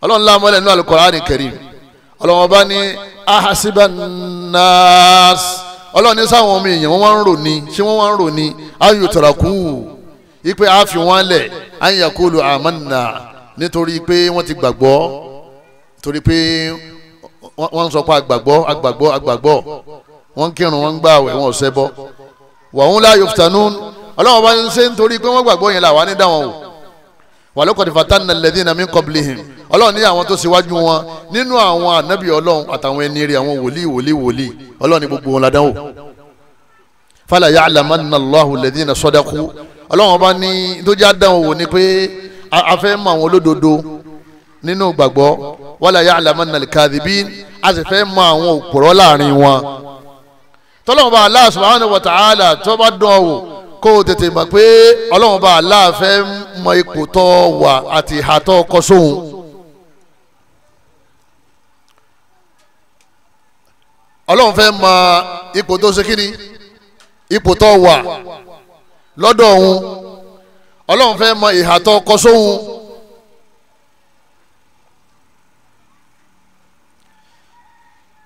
ọlọ́run láàmú ẹlẹ́nu al-Qur'ani karim ọlọ́run bá ní ahasibanas ọlọ́run ní sáwọn ọmọ èèyàn wọ́n wá ń rò ní ṣé wọ́n wá ń rò ní ayò tọ̀ràkù ipe a fi wọ́n lẹ̀ ayakulu amanna nítorí pé wọ́n ti gbàgbọ́ torí pé wọ́n ń sọ pé àgbàgbọ́ àgbàgbọ́ àgbàgbọ́ wọ́n ń kírun wọ́n ń gbà wẹ̀ wọ́n ò ṣẹbọ wàhún la yuftanun ọlọ́wọ́n bá ń ṣe nítorí pé wọ́n gbàgbọ́ yẹn làwọn á ní dáwọn o wà lóko ti fatan na alladhina min qablihim ọlọ́run ní àwọn tó ṣíwájú wọn nínú àwọn ànábì ọlọ́run àtàwọn ẹni rẹ̀ àwọn wòlíì wòlíì wòlíì ọlọ́run ní gbogbo wọn ládàá o fala ya'lamanna Allahu alladhina sadaqu ọlọ́run bá ní tó jẹ́ àdáwọn wò ni pé afẹ́ mọ àwọn olódodo nínú gbàgbọ́ wala ya'lamanna al-kadhibin a sì fẹ́ mọ àwọn òpùrọ́ láàrin wọn tọ́lọ́mọba Allah subhanahu wa ta'ala tó bá dán wò kó o tètè mọ̀ pé ọlọ́mọba Allah fẹ́ mọ ipò tó wà àti ìhà kọ sóhun. ọlọ́run fẹ́ mọ ipò tó ṣe kíni ipò tó wà lọ́dọ̀ òun ọlọ́run fẹ́ mọ ìhà kọ sóhun.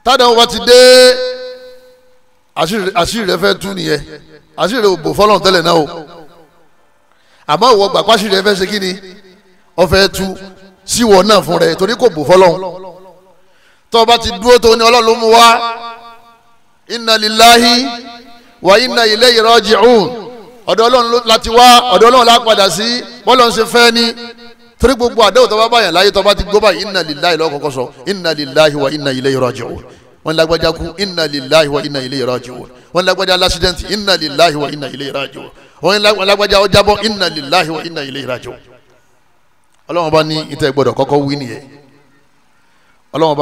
tádàn wa ti dé àṣírí rẹ fẹ́ tú nìyẹn àṣírí rẹ ò bò fọlọ́n tẹ́lẹ̀ náà o àmọ́ ìwọ gbà pàṣírí rẹ fẹ́ ṣe kí ni ọfẹ́ tú síwọ náà fún rẹ torí kò bò fọlọ́n tó o bá ti dúró tó ní ọlọ́run ló mú wá inna lillahi wa inna ilayhi raji'un ọ̀dọ̀ ọlọ́run láti wá ọ̀dọ̀ ọlọ́run la sí bọ́lọ́run ṣe fẹ́ ni torí gbogbo àdéhùn tó bá báyàn láyé tó bá ti gbó báyìí inna lillahi lọ́kọ̀ọ́kọ́ sọ inna lillahi wa inna ilayhi raji'un wọn lágbájá kú inna lillahi wa inna ilayhi raji'un wọn lágbájá lásìdẹ́ntì inna lillahi wa inna ilayhi raji'un wọn lágbájá ọjàbọ inna lillahi wa inna ilayhi raji'un. ọlọ́wọ́n bá ní ìtẹ́ gbọ́dọ̀ kọ́kọ́ wí nìyẹn ọlọ́wọ́n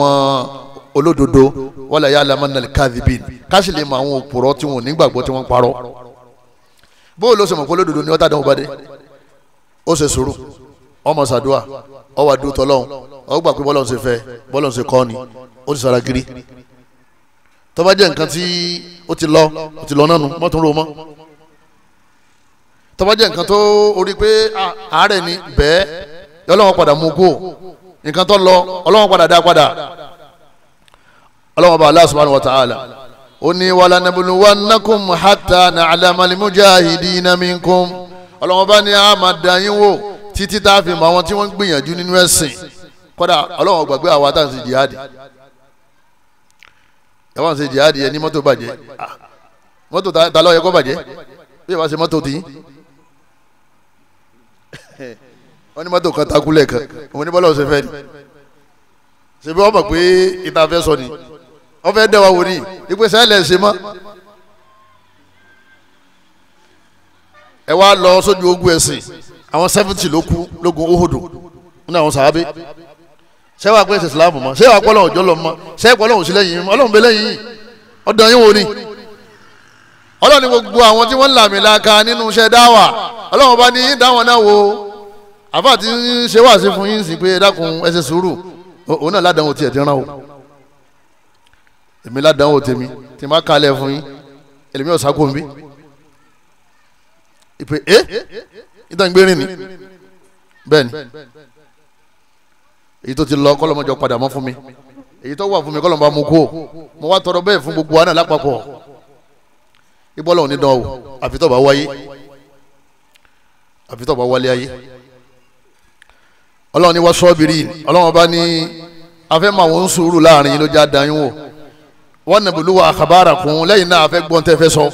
bá olódodo wala ya'lamanna al-kadhibin káṣí lè mọ àwọn òpùrọ́ tí wọn ò nígbàgbọ́ tí wọ́n parọ́ bóò ló mọ̀ pé olódodo ni ọ́ tàdánwó bá dé ó ṣe sùúrù ọmọ sàdúà ọwọ́ àdúró tọ́lọ́hún ọ gbà pé bọ́lọ́hún ṣe fẹ́ bọ́lọ́hún ṣe kọ́ ni ó ti sara giri tó bá jẹ́ nǹkan tí ó ti lọ ó ti lọ nánu mọ́tún rò mọ́ tó jẹ́ nǹkan tó orí pé àárẹ̀ ni bẹ́ẹ̀ ọlọ́wọ́n padà mú kú nǹkan tó lọ ọlọ́wọ́n padà dá padà ọlọ́wọ́n bá Allah subhanahu wa ta'ala ó ní wala nabluwannakum hatta na'lamal mujahidina minkum ọlọ́wọ́n bá ní a máa dá yín wò títí tá a fi mọ àwọn tí wọ́n ń gbìyànjú nínú ẹ̀sìn kódà ọlọ́wọ́n gbàgbé àwa tá à ń ṣe jihadi ẹ̀ wọ́n ń ṣe jihadi ẹ̀ ní mọ́tò bàjẹ́ mọ́tò ta lọ́ọ́ yẹ kó bàjẹ́ bí ìbá ṣe mọ́tò tì í *laughs* wọ́n ní mọ́tò kan takú lẹ́ẹ̀kan òun ní bọ́lá ọ̀sẹ̀ fẹ́ẹ́ ni ṣèbí wọ́n mọ̀ pé ìta fẹ́ sọ ni wọ́n fẹ́ dẹ̀wà wò ní ipò sẹ́lẹ̀ ṣe mọ́ ẹ wá lọ sójú ogun ẹ̀sìn àwọn seventy ló kú lógun ohodo ní àwọn sàábé sẹ́wà pé ìsìlámù mọ́ sẹ́wà pọ́lọ́ òjò lọ mọ́ sẹ́wà pọ́lọ́ òsì lẹ́yìn mọ́ ọlọ́run bẹ lẹ́yìn ọ̀dọ̀ yín wò ni ọlọ́run ní gbogbo àwọn tí wọ́n ń làmì laaka nínú iṣẹ́ dáwà ọlọ́run bá ní dáwọn náà wo àfáà ti ṣe wáàsí fún yín sí pé dákun ẹ sùúrù òun náà ládàá wọn tiẹ̀ ti rán o èmi ládàáwò tèmi tí n bá kalẹ̀ fún yín èlèmi ọ̀sá kò ń bí ìpè é ìtàngbérin ni bẹ́ẹ̀ ni èyí tó ti lọ kọ́lọ́mọjọ padà mọ́ fún mi èyí tó wà fún mi kọ́lọ́mọba mú kó mo wá tọrọ bẹ́ẹ̀ fún gbogbo àná lápapọ̀ ìbọ́lọ̀ òní dán o àfi tó bá wáyé àfi tó bá wálé ayé ọlọ́run ni wá sọ́ọ́bìrì ọlọ́run bá ní afẹ́ màwọn ń sùúrù láàrin yìí ló já dayún wò wọn nàbùlù wà àkàbàrà kún lẹ́yìn náà àfẹ́ gbọ́n tẹ́ fẹ́ sọ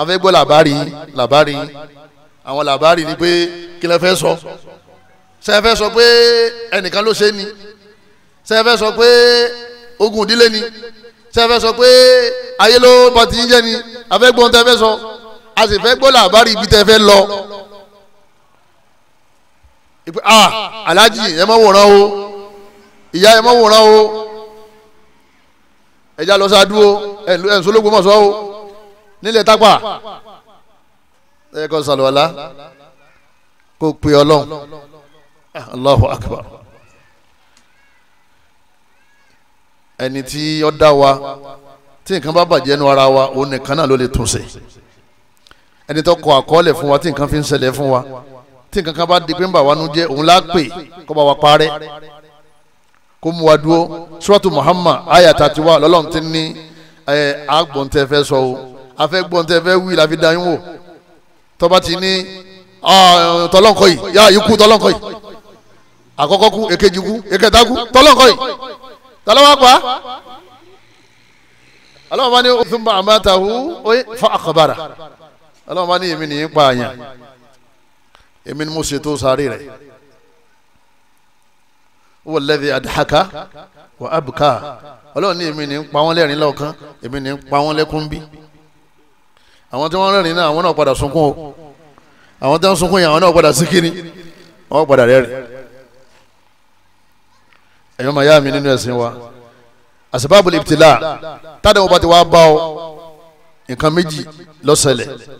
àfẹ́ gbọ́ làbárì làbárì àwọn làbárì ni pé kí lẹ fẹ́ sọ ṣé ẹ fẹ́ sọ pé ẹnìkan ló ṣe ni ṣé ẹ fẹ́ sọ pé ogun ìdílé ni ṣé sọ pé ayé ló bá ti ń ni àfẹ́ gbọ́n sọ a sì fẹ́ gbọ́ làbárì ibi tẹ́ lọ ah aláàjì ẹ má wòran o ìyá ẹ má wòran o ẹja lọ sáà dúró ẹnsológun mọ̀ sọ́ o nílẹ̀ tápà ẹ kọ́ sàlùwàlá kó pe ọlọ́run Allahu Akbar ẹni tí ó dá wa tí nǹkan bá bàjẹ́ nu ara wa òun nìkan náà ló lè tún ṣe ẹni tó kọ àkọọ́lẹ̀ fún wa tí nǹkan fi ń ṣẹlẹ̀ fún wa tí nǹkan kan bá di pé ń bà wá nu jẹ́ òun lá kó bá wa parẹ́ kó mu wa dúró suratu muhammad aya tàti wa lọ́lọ́run ti ní ẹ agbọ̀ntẹ́ fẹ́ sọ o afẹ́ gbọ̀ntẹ́ fẹ́ wí la fi da yín wò tọ́ba ti ní tọ́lọ́nkọ́ yìí yá ikú tọ́lọ́nkọ́ yìí àkọ́kọ́ kú èkejì kú èkẹta kú tọ́lọ́nkọ́ yìí tọ́lọ́wọ́ pa aláwọ̀ bá ní thumma amatahu fa akbara aláwọ̀ bá ní èmi nìyí pa àyàn èmi ni mo ṣètò sáré rẹ̀ huwa alladhi adhaka wa abka ọlọ́run ní èmi ní ń pa wọ́n lẹ́rìn lọ́ọ̀kan èmi ní ń pa wọ́n lẹ́kún bí àwọn tí wọ́n rẹ́rìn náà àwọn náà padà sunkún o àwọn tí wọ́n sunkún yẹn àwọn náà padà síkiri wọ́n padà rẹ́rìn ẹ̀yọ́ màá yá mi nínú ẹ̀sìn wa asbabul ibtila tádàwọ̀ bá ti wá bá ọ nǹkan méjì ló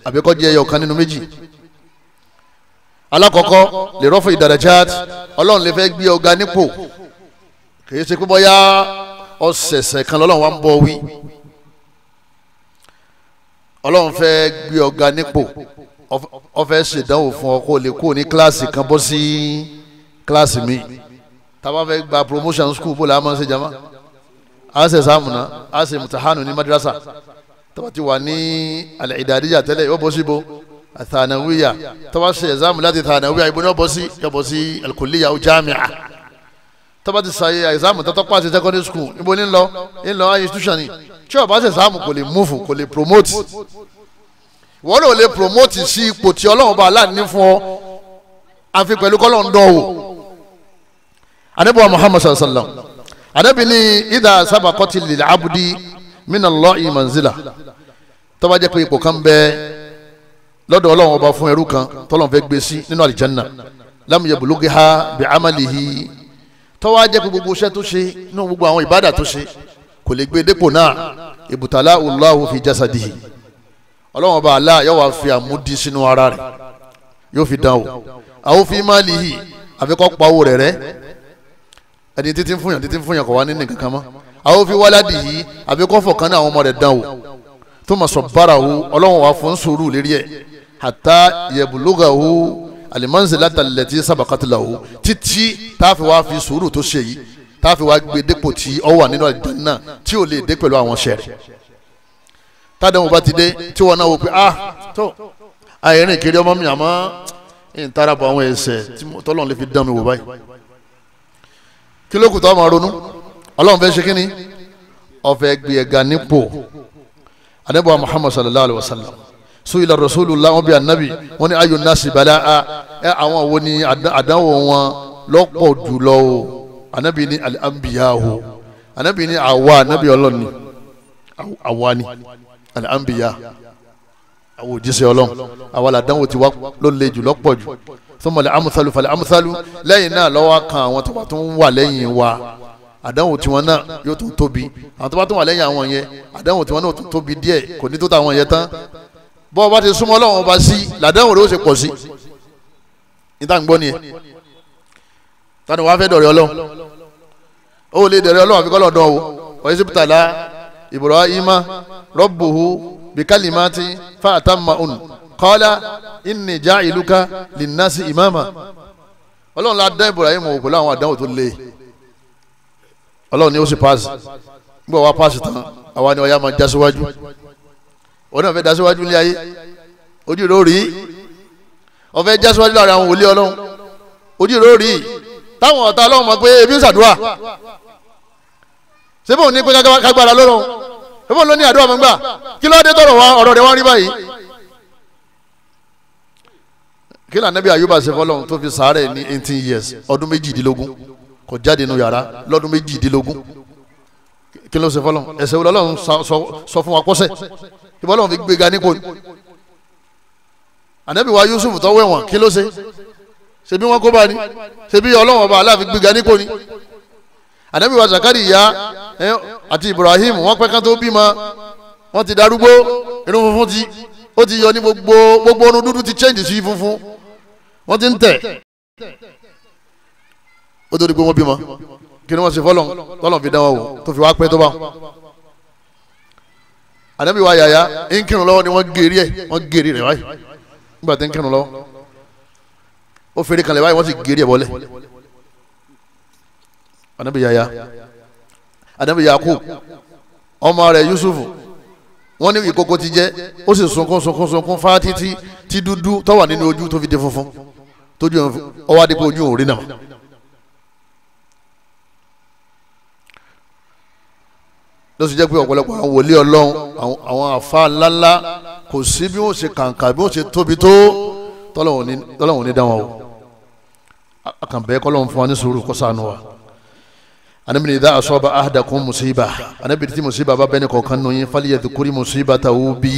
àbíkọ́jẹ́ ẹyọ kan nínú méjì alákọ̀ọ́kọ́ lè rọ́fọ̀ ìdàrẹ́jáàt ọlọ́run lè fẹ́ gbé ọ̀gá nípò kìí ṣe pé bóyá ọ̀sẹ̀sẹ̀ kan lọ́lọ́run wa ń bọ̀ wí ọlọ́run fẹ́ gbé ọ̀gá nípò ọ̀fẹ́ ṣèdánwò fún ọ kó lè kó ní kíláàsì kan bọ́ sí kíláàsì mi tábà fẹ́ gba promotion school bó la máa ṣe jama a ṣe sáàmù náà a ṣe mutahanu ní madrasa tábà ti wà ní alẹ́ ìdàdíjà tẹ́lẹ̀ yóò bọ́ síbo athanawiya tọ́ba ṣe ẹ̀zámù láti athanawiya ibo ní ọ̀bọ̀ sí ọ̀bọ̀ sí alkuliya jami'a tọ́ba ti ṣàyẹ ẹ̀zámù tọ́tọ́ pàṣẹ secondary school ibo ní lọ ní lọ institution ni tí ọba ṣe ẹ̀zámù kò lè move kò lè promote wọ́n lò lè promote sí ipò tí ọlọ́run bá aláàní fún ọ àfi pẹ̀lú kọ́lọ́n dọ́wọ́ anabiwa muhammad sallallahu alaihi wa sallam anabi ni idà sábà kọ́tì lil abdi min Allahi manzila tọ́ba jẹ́ pé ipò kan bẹ́ẹ̀ lọ́dọ̀ ọlọ́run ọba fún ẹrú kan tọ́lọ́run fẹ́ gbé sí nínú àlìjánná lam yablugha bi amalihi tọ́wọ́ ajẹ́ pé gbogbo iṣẹ́ tó ṣe nínú gbogbo àwọn ìbádà tó ṣe kò lè gbé dépò náà ibtala Allahu fi jasadihi ọlọ́run ọba Allah yóò wá fi àmúdi sínú ara rẹ̀ yóò fi dán o àwọn fi malihi àfikọ́ pa owó rẹ̀ rẹ́ ẹni títí fún yàn títí fún yàn kò wá nínú kankan mọ́ àwọn fi waladihi àfikọ́ fọ̀kan náà àwọn ọmọ rẹ̀ dán o tó mọ̀ sọ bára o ọlọ́run wà fún sùúrù lérí ẹ̀ hatta yabulugahu alimanzilata allati sabaqatlahu títí táàfin wá fi sùúrù tó ṣe yìí táàfin wá gbé dépò tí ó wà nínú àdánná tí ò lè dé pẹ̀lú àwọn ṣẹ̀rẹ̀ tádàmú bá ti dé tí wọn náà wò pé ah tó àìrìn kiri ọmọ mi àmọ́ ń tara bọ àwọn ẹsẹ̀ tí tọ́lọ́n lè fi dán mi wò báyìí kí tó máa ronú ọlọ́run fẹ́ ṣe kí ni ó gbé ẹ̀ga nípò ànábì Muhammad sallallahu alayhi wa sallam suyila rasulillah wọn bí anabi wọn ni ayo nasi bala a ẹ àwọn wo ni àdánwò wọn lọ́pọ̀ jùlọ o anabi ni alihambiya o anabi ni awa anabi ọlọ́ni awa ni alihambiya àwọn òjíṣẹ́ ọlọ́run àwọn àdánwò ti wá ló le jù lọ́pọ̀ jù sọmọlẹ amusalu falẹ amusalu lẹ́yìn náà lọ́wọ́ kan àwọn tó bá tún wà lẹ́yìn wa àdánwò tiwọn náà yóò tún tóbi àwọn tó bá tún wà lẹ́yìn àwọn yẹn àdánwò tiwọn náà tún tóbi díẹ̀ kò ní tó tàwọn yẹn tán bọ́ ọba ti súnmọ́ ọlọ́run ọba sí làdáhùn rẹ̀ ó ṣe pọ̀ sí níta ń gbọ́ nìyẹn tani wàá fẹ́ dọ̀rẹ́ ọlọ́run ó lè dọ̀rẹ́ ọlọ́run àfikọ́ lọ́dọ̀ o wọ́n yẹn sì tàlá Ibrahima rabbuhu bikalimati fa'atammahun qala inni ja'iluka linnasi imama ọlọ́run la dá Ibrahim wò pẹ̀lú àwọn àdánwò tó le ọlọ́run ni ó sì paasi nígbà wàá paasi tán àwa ni ọ̀ya òun náà fẹ́ dasíwájú ní ayé ojú rẹ̀ ó rí ọ̀fẹ́ jásíwájú lára àwọn òlé ọlọ́run ojú rẹ̀ ó rí táwọn ọ̀tá ọlọ́run mọ̀ pé ebi ń ṣàdúrà sebo ní pé kágbára lọ́rùn sebo ló ní àdúrà mọ́ gbà kí ló dé tọrọ wa ọ̀rọ̀ rẹ̀ wá rí báyìí kí lóò anábì Ayuba ṣe fọlọ́run tó fi sàárẹ̀ ní eighteen years ọdún méjìdínlógún kò jáde nu yàrá lọ́dún méjìdínlógún kí ló ṣe fọlọ́run ẹ̀ṣẹ̀ wo lọ́lọ́run sọ fún wa kọ́sẹ̀ ìbọn lọ́wọ́ fi gbéga nípò ni ànábì wa Yusuf tó wẹ̀wọ̀n kí ló ṣe ṣebí wọn kó bá ní ṣebí Ọlọ́run ọba Allah fi gbéga nípò ni ànábì wa Zakariya àti Ibrahim wọn pẹ́ kán tó bímọ wọn ti darúgbó irun funfun ti ó ti yọ ní gbogbo gbogbo ọrùn dúdú ti change sí funfun wọn ti ń tẹ̀ ó tó di pé wọ́n bímọ kí ni wọ́n ṣe fọ́lọ́n tọ́lọ́n fi dánwò tó fi wá pẹ́ tó bá wọn anabi wa yaya ń kírun lọ́wọ́ ni wọ́n gèrè ẹ̀ wọ́n gèrè rẹ̀ báyìí nígbà tí ń kírun lọ́wọ́ ó fèrè kalẹ̀ báyìí wọ́n sì gèrè ẹ̀ bọ́lẹ̀ anabi yaya anabi yakub ọmọ rẹ̀ yusufu wọ́n ní ìkókó ti jẹ́ ó sì sunkún sunkún sunkún fá títí tí dúdú tó wà nínú ojú tó fi dé funfun tójú ọwọ́ adigun ojú òórìn náà. ló sì jẹ́ pé ọ̀pọ̀lọpọ̀ àwọn wòlíì ọlọ́run àwọn àfa ńláńlá kò sí bí wọ́n ṣe kàǹkà bí wọ́n ṣe tóbi tó tọ́lọ́wọ̀n ní dáwọn o akànbẹ́ kọ́lọ́wọ́n fún wa ní sùúrù kó ṣàánú wa anabini idha asaba ahadakum musiba anabini ti musiba bá bẹ́ni kọ̀ọ̀kan nù yín falyadhkuri musiba tàwù bí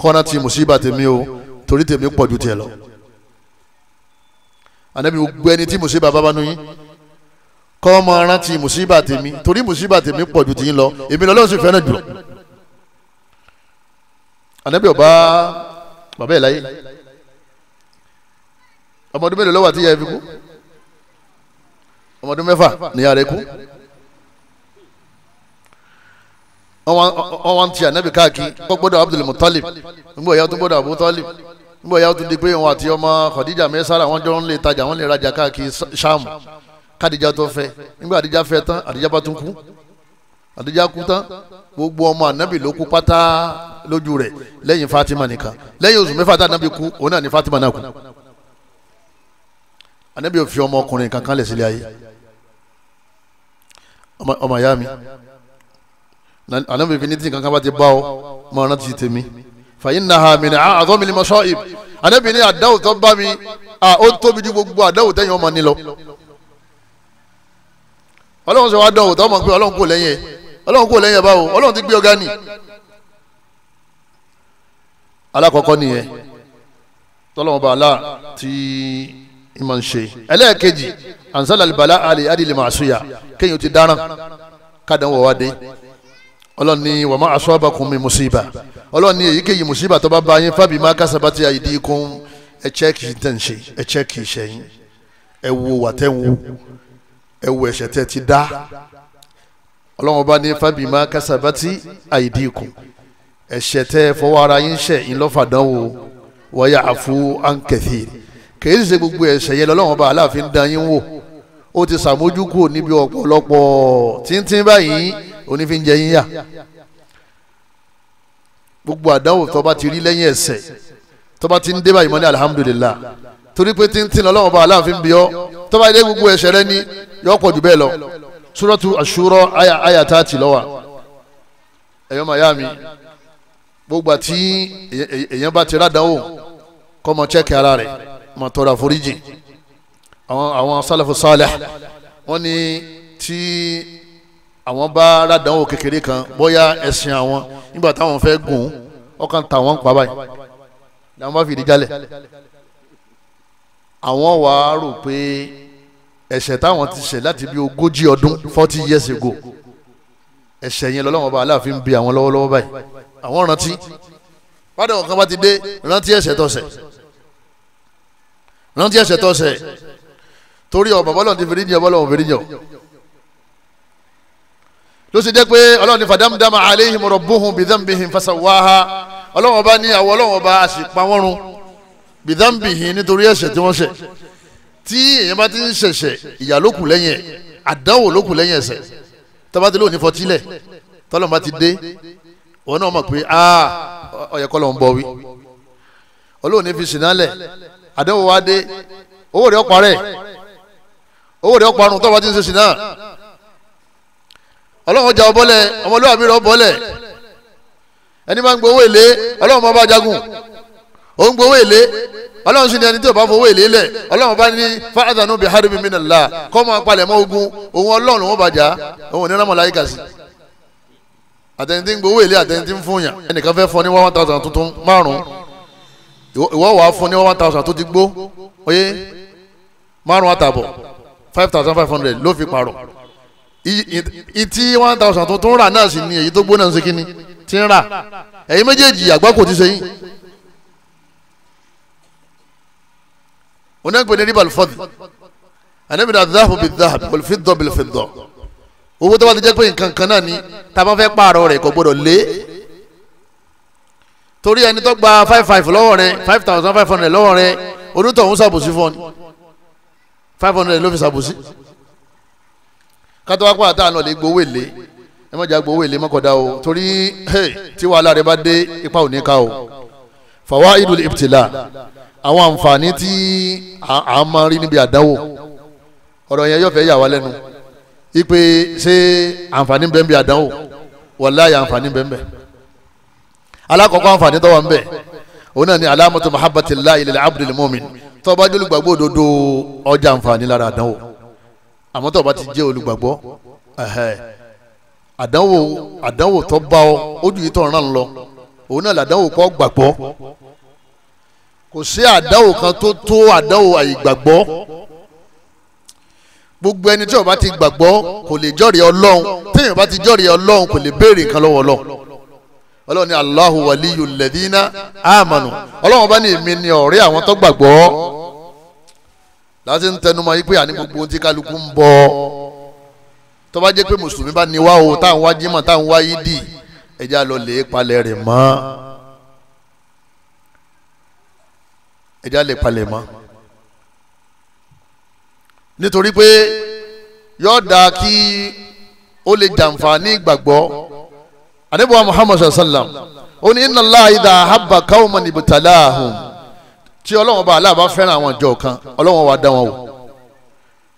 kọ́nà ti musiba tèmi o torí tèmi pọ̀ ju tiẹ̀ lọ anabi gbẹ́ni ti musiba bá bá nù yín kọ́ ọmọ rántí mùsíbà tèmi torí mùsíbà tèmi pọ̀ ju tìyín lọ èmi lọ́lọ́run sì fẹ́ràn jùlọ. ànábì ọba bàbá ẹ̀ láyé ọmọ ọdún mélòó ló wà tí ìyá ẹ fi kú ọmọ ọdún mẹ́fà níyà rẹ̀ kú wọ́n wá ń ti ànábì káàkiri wọ́n gbọ́dọ̀ Abdul Muttalib nígbà ìyá tó gbọ́dọ̀ Abu Talib nígbà ìyá tó di pé wọn àti ọmọ Khadija mẹ́sára wọn jọ ń lè tajà Kadija tó fẹ́ nígbà àdìjà fẹ́ tán àdìjà bá tún kú àdìjà kú tán gbogbo ọmọ ànábì ló kú pátá lójú rẹ̀ lẹ́yìn Fatima nìkan lẹ́yìn oṣù mẹ́fà tá ànábì kú òun náà ni Fatima náà kú ànábì ò fi ọmọ ọkùnrin kankan lẹ̀ sílẹ̀ ayé ọmọ ìyá mi ànábì fi ní tí kankan bá ti bá ọ mọ ọ̀ràn ti tèmi fàyínnaha min àádọ́mi ni mo sọ ib ànábì ní àdáwò tó bá mi ó tóbi ju gbogbo àdáwò tẹ́yìn ọmọ nílọ ọlọ́run sọ wá dánwò tọ́ mọ̀ pé ọlọ́run kò lẹ́yìn ẹ̀ ọlọ́run kò lẹ́yìn ẹ̀ báwo ọlọ́run ti gbé ọgá nì. alákọ̀ọ́kọ́ nìyẹn tọ́lọ́mọba alá ti ìmọ̀ ń ṣe ẹlẹ́ẹ̀kejì ansala alibala ali adili maasuya kéèyàn ti dáràn kádàáwò wá dé ọlọ́run ní wàmọ́ asọ́bàkùn mi musiba ọlọ́run ní èyíkéyìí musiba tó bá bá yín fábì má kásábàtì àyídí kún ẹ chẹ́kì tẹ̀ ń ṣe ẹ chẹ́kì ṣẹ́yìn ẹ wo wàtẹ́ ń wo ẹ wo ẹ̀ṣẹ̀ tẹ́ ti dá ọlọ́run bá ní fábímá kásábátì àìdíkù ẹ̀ṣẹ̀ tẹ́ fọwọ́ ara yín ṣẹ̀ ńlọ́fàdánwò wáyà àfu ànkẹ́tì kèé ṣe gbogbo ẹ̀ṣẹ̀ yẹn lọ́lọ́run bá aláàfin dán yín wò ó ti sàmójúkù níbi ọ̀pọ̀lọpọ̀ tíntín báyìí onífin jẹ yín yà gbogbo àdánwò tó bá ti rí lẹ́yìn ẹ̀ṣẹ̀ tó bá ti ń dé báyìí mọ́ ní alihamudulilayi torí pé tíntín lọ́lọ́run bá aláàfin bíọ́ tó bá gbogbo ẹ̀ṣẹ̀ rẹ ní yọ pọ̀ jù bẹ́ẹ̀ lọ suratu ashura aya aya tààtì lọ́wà ẹ̀yọ́ màyá mi gbogbo àti èèyàn bá ti rádàwọ̀ kọ́mọ chẹ́kì ara rẹ̀ mọ̀ tọrọ àforíjì àwọn àwọn sálàfù sálà wọ́n ní tí àwọn bá rádàwọ̀ kékeré kan bóyá ẹ̀sìn àwọn nígbà táwọn fẹ́ gùn ọkàn tàwọn pa báyìí làwọn bá fìdí jálẹ̀ àwọn wàá rò pé ẹ̀ṣẹ̀ táwọn ti ṣẹ̀ láti bí ogójì ọdún forty years ago ẹ̀ṣẹ̀ yẹn lọ́lọ́wọ́n bá aláàfin bí àwọn lọ́wọ́lọ́wọ́ báyìí àwọn rántí padà ọ̀kan bá ti dé rántí ẹ̀ṣẹ̀ tọ̀sẹ̀ rántí ẹ̀ṣẹ̀ tọ̀sẹ̀ torí ọ̀ bàbá ọlọ́run ti fèrè jẹ́ ọlọ́run fèrè jẹ́ ọ ló sì jẹ́ pé ọlọ́run ní fàdámdámà aléhìn rọ̀bùhùn bìdánbìhìn fasawaha ọlọ́run ọba ní àwọ̀ ọlọ́run ọba àṣìpawọ́run bìdánbìhìn nítorí ẹ̀ṣẹ̀ tí wọ́n ṣẹ̀ tí èèyàn bá ti ń ṣẹ̀ṣẹ̀ ìyà ló kù lẹ́yìn ẹ̀ àdánwò ló kù lẹ́yìn ẹ̀ṣẹ̀ tọ́ba ti lóun ní fọtílẹ̀ tọ́lọ́mọba ti dé wọn náà mọ̀ pé aa ọ̀yẹ̀kọ́ lọ́n bọ̀ wí olóòní fi sìnálẹ̀ àdánwò wa dé owó rẹ̀ ọ̀pá rẹ̀ owó rẹ̀ ọ̀pá rùn tọ́ba ti ń ṣe sìnà ọlọ́run jà ọbọ̀lẹ̀ ọmọlúwàbí rẹ̀ ọbọ̀lẹ̀ ẹni máa ń gbowó èlé ọlọ́run máa bá jagun òun gbowó èlé ọlọ́run sì ni ẹni tí o bá fowó èlé lẹ̀ ọlọ́run bá ní fa'adhanu bi harbin minallah kọ́ máa palẹ̀ mọ́ ogun òun ọlọ́run wọn bàjá òun ní rámọ̀ láyé gàsì àtẹni tí ń gbowó èlé àtẹni tí ń fún yàn ẹnìkan fẹ́ fún ní one thousand tuntun márùn ìwọ wàá fún ní one thousand tó ti gbó oyè márùn àtàbọ̀ five thousand five hundred ló fi pààrọ̀ ìtí one thousand tuntun rà náà sì ni èyí tó gbó náà ń ṣe kíni ti ń rà ẹ̀yin méjèèjì àgbákò ti ṣe òun náà gbé ní ribal fadl anabi na zahabu bi zahabu wal fidda bil fidda owó tó bá ti jẹ́ pé nǹkan kan náà ni tá a bá fẹ́ pààrọ̀ rẹ̀ kò gbọ́dọ̀ lé torí ẹni tó gba five five lọ́wọ́ rẹ̀ five thousand five hundred lọ́wọ́ rẹ̀ onítọ̀hún ṣàbòsí fún ọ ni five hundred ló fi ṣàbòsí kátó wá pàtó àná lè gbowó èlé ẹ má jà gbowó èlé mọ́kọ̀dá o torí tí wàhálà rẹ bá dé ipa ò ní ká o fàwa idul ibtila àwọn àǹfààní tí à ń máa rí níbi àdánwò ọ̀rọ̀ yẹn yóò fẹ́ yà wá lẹ́nu ipe ṣé àǹfààní bẹ́ẹ̀ bí àdánwò wàláyà àǹfààní bẹ́ẹ̀ bẹ́ẹ̀ alákọ̀ọ́kọ́ àǹfààní tó wà ń bẹ̀ òun náà ni alámọ̀tò mahabbatillahi lil abdil mu'min tó bá jẹ́ olùgbàgbọ́ òdodo ọjà àǹfààní lára àdánwò àmọ́ tó ti jẹ́ olùgbàgbọ́ àdánwò àdánwò tó bá ojú yìí tó lọ òun náà làdánwò kọ́ gbàgbọ́ kò sí àdáwò kan tó tó àdáwò àìgbàgbọ́ gbogbo ẹni tí ó bá ti gbàgbọ́ kò lè jọ́rìí ọlọ́run téèyàn bá ti jọ́rìí ọlọ́run kò lè béèrè nǹkan lọ́wọ́ ọlọ́run ọlọ́run ní Allahu waliyu ladina amanu ọlọ́run bá ní èmi ni ọ̀rẹ́ àwọn tó gbàgbọ́ láti ń tẹnumọ́ yí pé àní gbogbo ohun tí kálukú ń bọ tó bá jẹ́ pé mùsùlùmí bá ní wá o táwọn wá jímọ̀ táwọn wá yídì ẹ̀já lọ lè palẹ̀ rẹ̀ mọ́. ẹjẹ́ á lè palẹ̀ mọ́ nítorí pé yóò dáa kí ó lè jàǹfààní ìgbàgbọ́ anabiwa muhammad sallam ó ní inna Allah idha habba qauman ibtalahum tí ọlọ́wọ́n bá aláàbá fẹ́ràn àwọn ìjọ kan ọlọ́wọ́n wà dá wọn wò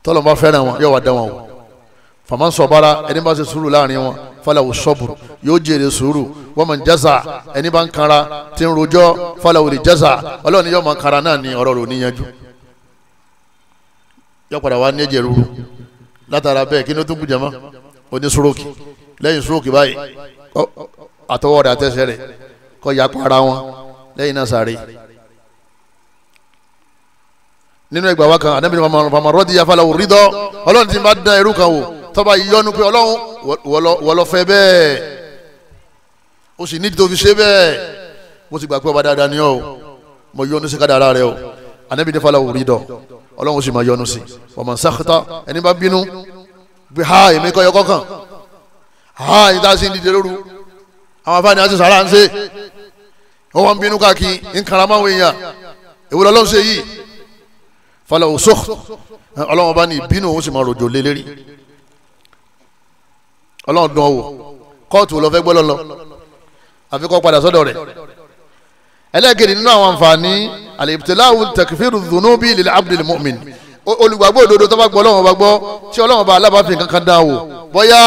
tọ́lọ́wọ́n bá fẹ́ràn wọn yóò wà dá wọn wò faman sọbara ẹni bá ṣe sùúrù láàrin wọn falawu sọburu yóò jèrè sùúrù wọn mọ jaza ẹni bá ń kara tí ń rojọ́ falawu lè jaza ọlọ́run yóò mọ kara náà ní ọ̀rọ̀ rò níyanjú yóò padà wá ní ẹ̀jẹ̀ ruru látara bẹ́ẹ̀ kí ni ó tún kú jama oní sùrọ̀kì lẹ́yìn sùrọ̀kì báyìí àtọwọ́ rẹ̀ àtẹsẹ̀ rẹ̀ kọ́ ya para wọn lẹ́yìn náà sáré nínú ẹgbàá wa kan anábìrin fama rọ́ọ̀dì yafalawo rídọ́ ọlọ́run ti bá dán irú kan wò tọ́ba yọnu pé ọlọ́run wọlọ́fẹ́ bẹ́ẹ̀ o sì nídìí tó fi ṣe bẹ́ẹ̀ mo ti gbà pé ọba dáadáa ni ọ mo yọnu sí kádàrá rẹ o anabi nífa la wùrí dọ ọlọ́run sì máa yọnu sí ọmọ sákítà ẹni bá bínú bí ha èmi kọ́ yọ kọ́kàn ha ìta sí ìdíje lóru àwọn afáàní àti sàrà ń ṣe wọ́n wá bínú káàkiri ń kàrà máa ń wẹ̀yà ìwúrọ̀ ọlọ́run ṣe yìí falawo sọ́ọ̀tù ọlọ́run bá ní ìbínú òun sì máa rojò lé lérí ọlọ́run dùn ọ́ wò kóòtù lọ́fẹ́ gbọ́ lọ́lọ́ àfikọ́ padà sọ́dọ̀ rẹ̀ ẹlẹ́gẹ̀dẹ̀ nínú àwọn àǹfààní alìbtìláwù tẹkifíru dùnúbí lílẹ̀ abdul mu'min olùgbàgbọ́ òdodo tó bá gbọ́ ọlọ́run bá gbọ́ tí ọlọ́run bá alábàáfin kankan dán wò bóyá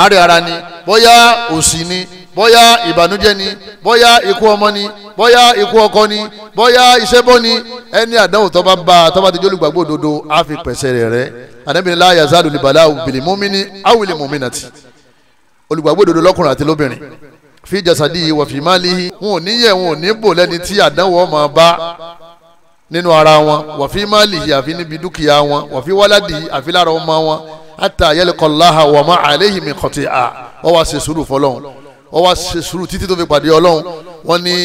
àárẹ̀ ara ni bóyá òṣì ni bóyá ìbànújẹ́ ni bóyá ikú ọmọ ni bóyá ikú ọkọ ni bóyá ìṣẹ́bọ ni ẹni àdánwò tó bá bá tó bá ti jẹ́ olùgbàgbọ́ òdodo á fi pẹ̀sẹ̀ rẹ̀ rẹ́ anábìnrin láyà zálù ní balawu bìlì mọ́mí ni áwìlì mọ́mí nàti olùgbàgbọ́ òdodo lọ́kùnrin àti lóbìnrin fi jasadihi wa fi malihi wọn ò ní yẹ wọn ò ní bò lẹ́ni tí àdánwò máa bá nínú ara wọn wa fi malihi àfi níbi dúkìá wọn wa fi waladihi àfi lára ọmọ wọn hatta yalqallaha wa ma alayhi min khati'a wọ́n wá ṣe sùúrù fọlọ́hún wọ́n wá ṣe sùúrù títí tó fi pàdé ọlọ́hún wọ́n ní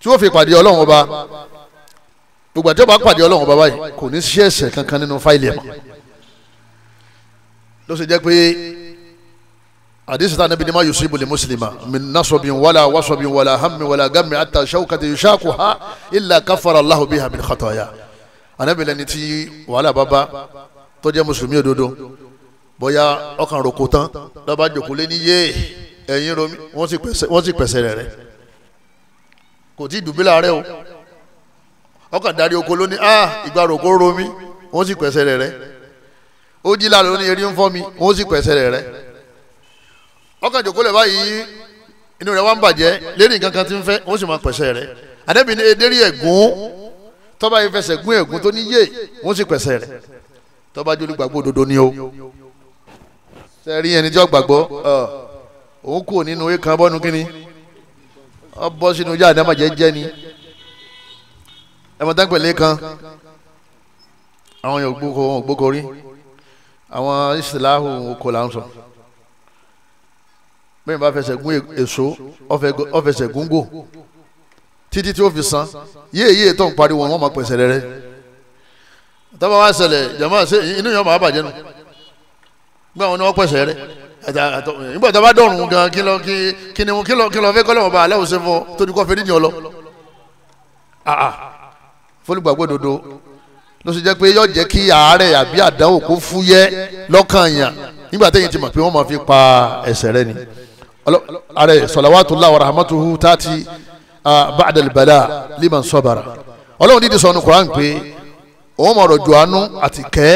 tí ó fi pàdé ọlọ́hún ọba gbogbo àti ọba pàdé ọlọ́hún ọba báyìí kò ní sí ẹ̀ṣẹ̀ kankan nínú fáìlì ẹ̀ hadisi ta nabi ni ma yusibu li muslima min nasobin wala wasobin wala hammi wala gammi ata shawkati yushaku ha illa kafara allahu biha min khataya anabi lẹni tí wàhálà bàbá tó jẹ́ mùsùlùmí òdodo bóyá ọkàn roko tán lọ́ba jòkúlé ní yé ẹ̀yìn romi wọ́n sì pẹ̀sẹ̀ rẹ̀ rẹ̀ kò tí ì dùbí láàárẹ̀ o ọkàn darí oko ló ní a ìgbà roko romi wọ́n sì pẹ̀sẹ̀ rẹ̀ rẹ̀ ó jí láàárọ̀ ní erí ń fọ́ mi wọ́n sì pẹ̀sẹ̀ rẹ̀ rẹ̀ ọkàn jòkólẹ̀ báyìí inú rẹ̀ wá ń bàjẹ́ lérí nǹkan kan tí ń fẹ́ wọ́n sì máa pẹ̀sẹ̀ rẹ̀ àdẹ́bí ni edérí ẹ̀gún tọ́ba yìí fẹsẹ̀ gún ẹ̀gún tó ní wọ́n sì pẹ̀sẹ̀ rẹ̀ tọ́ba jólú gbàgbọ́ òdodo ni o sẹ́rí ẹni tí ó gbàgbọ́ òun kù nínú ekan bọ́nu kínní ọ bọ́ sínú yá àdámàjẹ́ jẹ́ ni ẹ̀mọ́ dáńpẹ̀lẹ́ kan àwọn yòókù kò rí àwọn ìsìláhù okòó là ń sọ bẹ́ẹ̀ bá fẹsẹ̀ gún èso ọ̀fẹsẹ̀ gúngò títí tí ó fi san yéè yéè tó ń pariwo wọn máa pèsè rẹ rẹ tọ́ba wa ṣẹlẹ̀ jama ṣe inú yẹn máa bàjẹ́ nù gbọ́n wọn ni wọ́n pèsè rẹ nígbà tó bá dọ̀rùn gan kí lọ kí ni kí lọ kí lọ fẹ́ kọ́ lọ́wọ́ bá aláwọ̀ ṣe fọ́ tó ní kọ́ fẹ́ níyàn lọ fólùgbàgbọ́ dodo ló sì jẹ́ pé yóò jẹ́ kí àárẹ̀ àbí àdánwò kó fúyẹ́ lọ́kàn yàn nígbà téèyàn ti mọ̀ pé wọ́n máa fi pa ẹ̀ṣẹ̀ rẹ ni ààrẹ salawatullah wa rahmatuhu tati ba'dal bala liman sabara ọlọ́run dídí sọ̀nù Qur'an pé òun mọ̀rọ̀ jù àánú àti kẹ́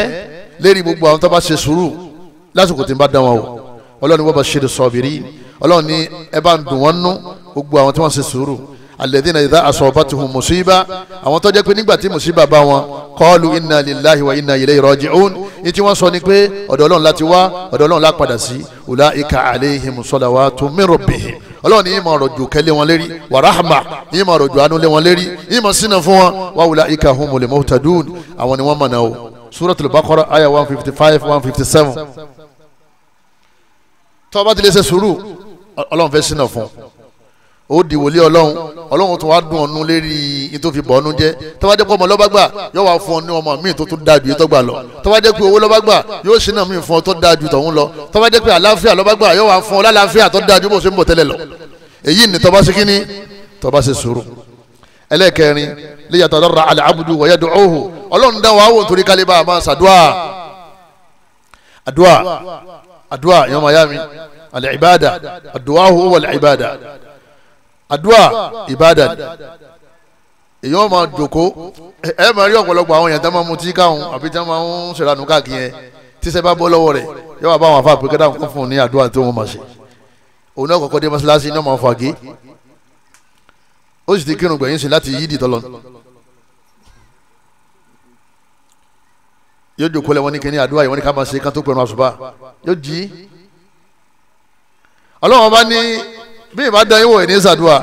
lérí gbogbo àwọn tó bá ṣe sùúrù lásìkò tí ń bá dán o ọlọ́run ní wa bashiri sabirin ní ẹ bá gbogbo àwọn tó wọ́n ṣe alladhina idha asabatuhum musiba àwọn tó jẹ́ pé nígbà tí musiba bá wọn qalu inna lillahi wa inna ilayhi raji'un ní tí wọ́n sọ ni pé ọ̀dọ̀ ọlọ́run láti wá ọ̀dọ̀ ọlọ́run la padà sí ulaika alayhim salawatu min rabbihim ọlọ́run ní ìmọ̀ ọ̀rọ̀jù kẹ́lé wọn lérí wa rahma ní ìmọ̀ ọ̀rọ̀jù àánú lé wọn lérí ìmọ̀ sínú fún wọn wa ulaika humul muhtadun àwọn ni wọ́n mọ̀ náà o suratul baqara aya one fifty five one fifty seven tọ́ba ti lè ṣe sùúrù ọlọ́run fẹ́ sínú fún un ó di wòlíì ọlọ́run ọlọ́run tó wá dùn ọ̀nù lérí yìí tó fi bọ̀ ọ́nù jẹ́ tọ́wádé pé ọmọ lọ́ba gbà yóò wá fún ọ ní ọmọ míì tó tún dáa ju tó gbà lọ tọ́wádé pé owó lọ́ba gbà yóò ṣínà míì fún ọ tó dáa ju tọ̀hún lọ tọ́wádé pé àláfíà lọ́ba gbà yóò wá fún ọ lálàáfíà tó dáa ju bó ṣe ń bọ̀ tẹ́lẹ̀ lọ èyí ni tọ́ba ṣe kíní tọ́ba ṣe sùúrù ẹlẹ́ẹ̀kẹrin liyatadarra al-abdu wa huwa al àdúrà ìbádà ni èyàn máa Joko ẹ máa rí ọ̀pọ̀lọpọ̀ àwọn èèyàn tó máa mutí káwọn àbí tó máa ń ṣèlànà káàkiri yẹn tíṣẹ́ bá bọ́ lọ́wọ́ rẹ̀ yóò wá bá àwọn afáàpẹ́ kẹ́tà kún fún un ní àdúrà tó wọ́n máa ṣe òun náà kọ́kọ́ dé mọ́ṣáláṣí iná máa fàgé ó sì ti kírun gbẹ̀yìn sí láti yídì tọ́lọ́ yóò jòkó lẹ́wọ́n ní kíní àdúrà yìí wọ́n ní ká máa ṣe kán tó pẹ̀rún àṣùbà yóò jí ọlọ́wọ́n bá ní bí ìbá dán yín wò ní sàdúà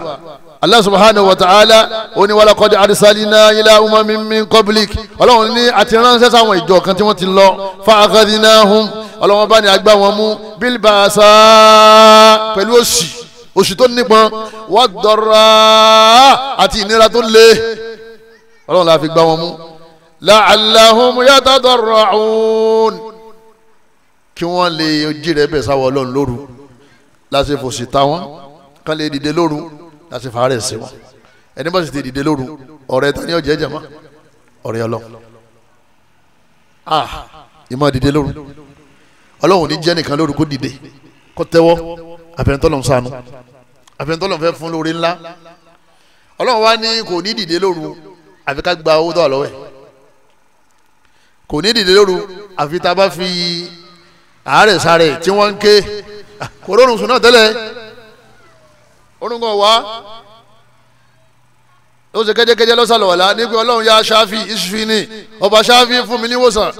allah subhanahu wa ta'ala ó ní wàlá kọ́dí arisalina ila umamin min qablik ọlọ́run ní àti ránṣẹ́ sáwọn ìjọ kan tí wọ́n ti lọ fa akhadhnahum ọlọ́run bá ní agbá wọn mú bilbaasa pẹ̀lú òṣì òṣì tó nípọn waddarra àti ìnira tó le ọlọ́run la gbá wọn mú la'allahum yatadarra'un kí wọ́n lè jí rẹ̀ bẹ̀ sáwọ́ ọlọ́run lóru láti fòṣì ta kán lè dìde lóru láti fàárẹ̀ sí wọn ẹni bá sì ti dìde lóru ọ̀rẹ́ tani ọ̀jẹ̀ jẹ̀mọ́ ọ̀rẹ́ ọlọ́ ah ìmọ̀ dìde lóru ọlọ́run ní jẹ́ nìkan lóru kó dìde kó tẹ́wọ́ àfẹnitọ́lọ́n sànù àfẹnitọ́lọ́n fẹ́ fún lórí ńlá ọlọ́run wá ní kò ní dìde lóru àfi ká gba owó dọ́ọ̀ lọ́wọ́ ẹ̀ kò ní dìde lóru àfi tá a bá fi àárẹ̀ sáré tí wọ́n ń ké kòrónù sùn náà tẹ́lẹ̀ orúkọ wa ó ṣe kẹ́jẹ́kẹ́jẹ́ lọ́sàlùwàlá nígbà ọlọ́run yá ṣáfì ìṣúfìní ọba ṣáfì fún mi níwòsàn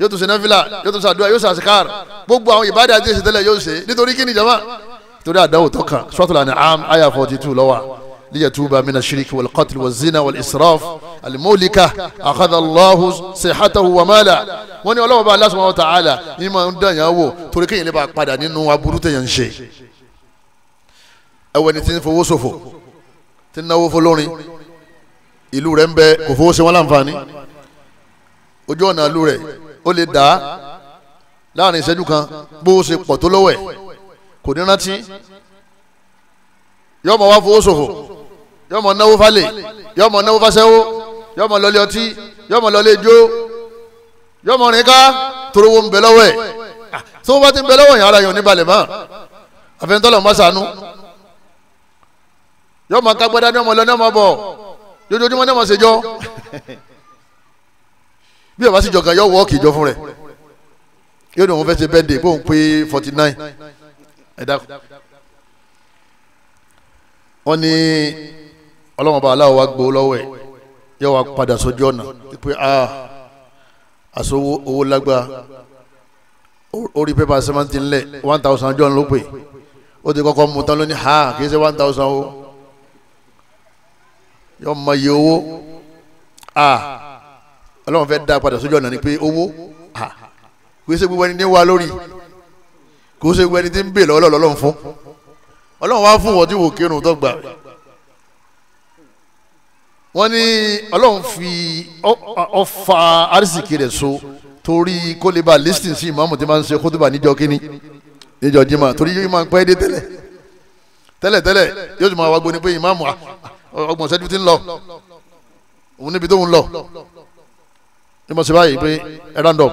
yóò tún ṣe náfìlà yóò tún ṣàdúrà yóò ṣàṣìkàr gbogbo àwọn ìbádà àti ìṣètẹ́lẹ̀ yóò ṣe nítorí kí ni jama torí àdáwò tó kàn suratul an'am àyà forty two lọ́wọ́ liyatuba mina shiriki wal qatl wal zina wal israf alimolika akadallahu sehatahu wamala wọn ni ọlọ́wọ́ bá aláṣọ wọn ta'ala ni mà ń dàn yàn wò torí kéèyàn lè bá padà nínú aburú tẹ̀yàn ẹwọ ẹni tí ń fowó ṣòfò tí ń náwó fọlọ́rin ìlú rẹ̀ ń bẹ kò fowó ṣe wọ́n láǹfààní ojú ọ̀nà ìlú rẹ̀ ó lè dà á láàrin ìṣẹ́jú kan bó ṣe pọ̀ tó lọ́wọ́ ẹ̀ kò ní rántí yọmọ wá fowó ṣòfò yọmọ náwó falẹ̀ yọmọ náwó fáṣẹ́wó yọmọ lọlé ọtí yọmọ lọlé ijó yọmọ rìn ká torówó ń bẹ lọ́wọ́ ẹ̀ ah, tó bá ti ń bẹ lọ́wọ́ yẹn ara yẹn ò ní balẹ̀ mọ́ àfẹnitọ́lọ́ mọ́ sànú yóò máa ká gbọ́dá ní ọmọ lọ ní ọmọ bọ̀ lójoojúmọ́ ní ọmọ ṣèjọ́ bí ọba sì jọkàn yóò wọ́ọ̀kì ìjọ fún rẹ̀ yóò ní òun fẹ́ ṣe bẹ́ẹ̀ bóun pé forty nine ẹ̀dá wọ́n ní ọlọ́wọ́n bá aláwọ̀ wa gbó lọ́wọ́ ẹ̀ yóò wá padà sójú ọ̀nà pé ah àṣọ owó lágbá orí pépà seventeen lẹ̀ one thousand john ló pè ó ti kọ́kọ́ mú tán lónìí ha kì í ṣe one thousand o yọ mọ iye owó a ọlọ́run fẹ́ dá padà sójú ọ̀nà ni pé owó a kò ṣe gbogbo ẹni tí ń wá lórí kò ṣe gbogbo ẹni tí ń bè lọ́wọ́ lọ́lọ́run fún ọlọ́run wá fún wọn tí wò kírun tó wọ́n ní ọlọ́run fi ọfà arísìkì rẹ̀ so torí kó lè sí ìmáàmù tí máa ń ṣe kótóbà níjọ́ kínní níjọ́ jimá torí yóò máa pẹ́ dé tẹ́lẹ̀ tẹ́lẹ̀ tẹ́lẹ̀ yóò tún máa wá gbóni pé ìmáàmù ọgbọ̀n ṣẹ́jú ti ń lọ òun níbi tó ń lọ ní mo ṣe báyìí pé ẹ random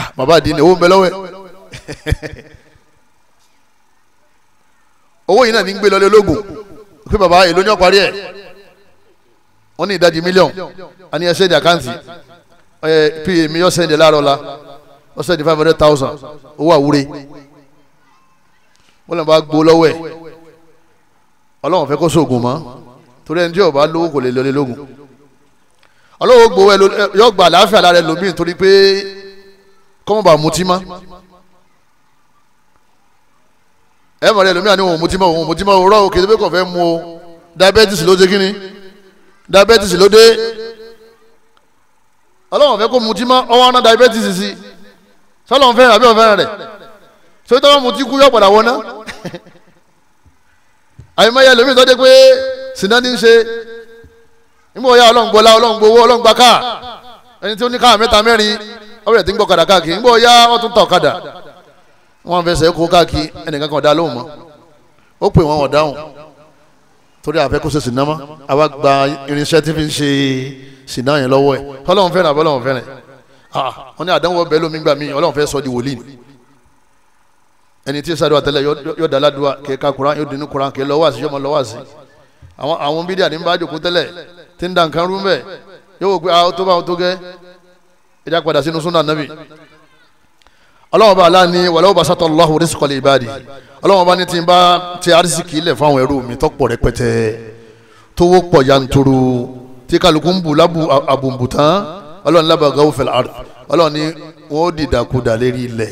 ah, bàbá àdín ni owó ń bẹ lọ́wọ́ ẹ̀ *laughs* owó yìí náà ní ń gbé lọlé ológun pé bàbá èló ní ọ̀parí ẹ̀ wọ́n ní ìdajì mílíọ̀n a ní ẹsẹ̀ ní àkáǹtì pa mi yọ sẹ́ndẹ̀ láàárọ̀ la yọ sẹ́ndẹ̀ five hundred thousand owó àwúre wọ́n lè bá gbó lọ́wọ́ ẹ̀ ọlọ́wọ́n fẹ́ kó sóògùn mọ́ torí ẹni tí yóò bá lówó kò lè lọlé lógun ọlọ́wọ́ gbowó ẹ yọ gba àlàáfíà lára ẹ lómi nítorí pé kọ́mọba mutí mọ́ ẹ mọ̀ rẹ lómi àní òun mutí mọ́ òun mutí mọ́ òwúrọ̀ òkè tẹ́lẹ̀ kò fẹ́ mu o diabetes ló dé kíni diabetes ló dé ọlọ́wọ́n fẹ́ kó mutí mọ́ ọwọ́ ọ̀nà diabetes sí sọlọ́wọ́n fẹ́ràn àbí ọ̀fẹ́ràn rẹ̀ sọ tọ́wọ́ mutí kú yọ̀ padà wọ́n ná àyè lómi tó dé pé sinna ní í ṣe nígbà wọ́n yá ọlọ́ngbọ́lá ọlọ́ngbowó ọlọ́ngbàká ẹni tí ó ní káà mẹ́ta mẹ́rin ọ̀rẹ́ tí ń gbọ́ kàdà káàkiri nígbà wọ́n yá ọ̀tún tọ̀ kàdà wọ́n fẹsẹ̀ kó káàkiri ẹnìkan kan ọ̀dà lóhùn mọ́ ó pè wọ́n ọ̀dáhùn torí àfẹ́ kó ṣe sinna mọ́ àwa gba irinṣẹ́ tí fi ń ṣe sinna yẹn lọ́wọ́ ẹ̀ ọlọ́run fẹ́ràn àbọ̀lọ́run fẹ́ràn ah, wọ́n ní àdánwò bẹ́ẹ̀ lómi gbà mí ọlọ́run fẹ́ sọ di wòlíì ẹni tí sáré wa tẹ́lẹ̀ yọ̀ọ́ dàládùá kẹ́ẹ́ ká kuran yóò dín ní kuran àwọn àwọn bídíà ní bá jòkó tẹ́lẹ̀ tí ń da nǹkan rú mbẹ́ yóò wò pé a ah, tó bá tó gẹ́ ẹja padà sínú súnà nàbì ọlọ́wọ́n bá aláàní wàlẹ́wọ́ bá sátọ̀ lọ́hùn rísíkọ̀ lè bá ọlọ́wọ́n bá ní ti bá ti arísìkì ilẹ̀ fún àwọn ẹrú mi tọ́pọ̀ rẹpẹtẹ tówó pọ̀ yanturu tí kálukú ń bù lábù àbùnbùtán ọlọ́run lábàgà òfin àrè ọlọ́run ní wọ́n ó dìdàkudà lérí ilẹ̀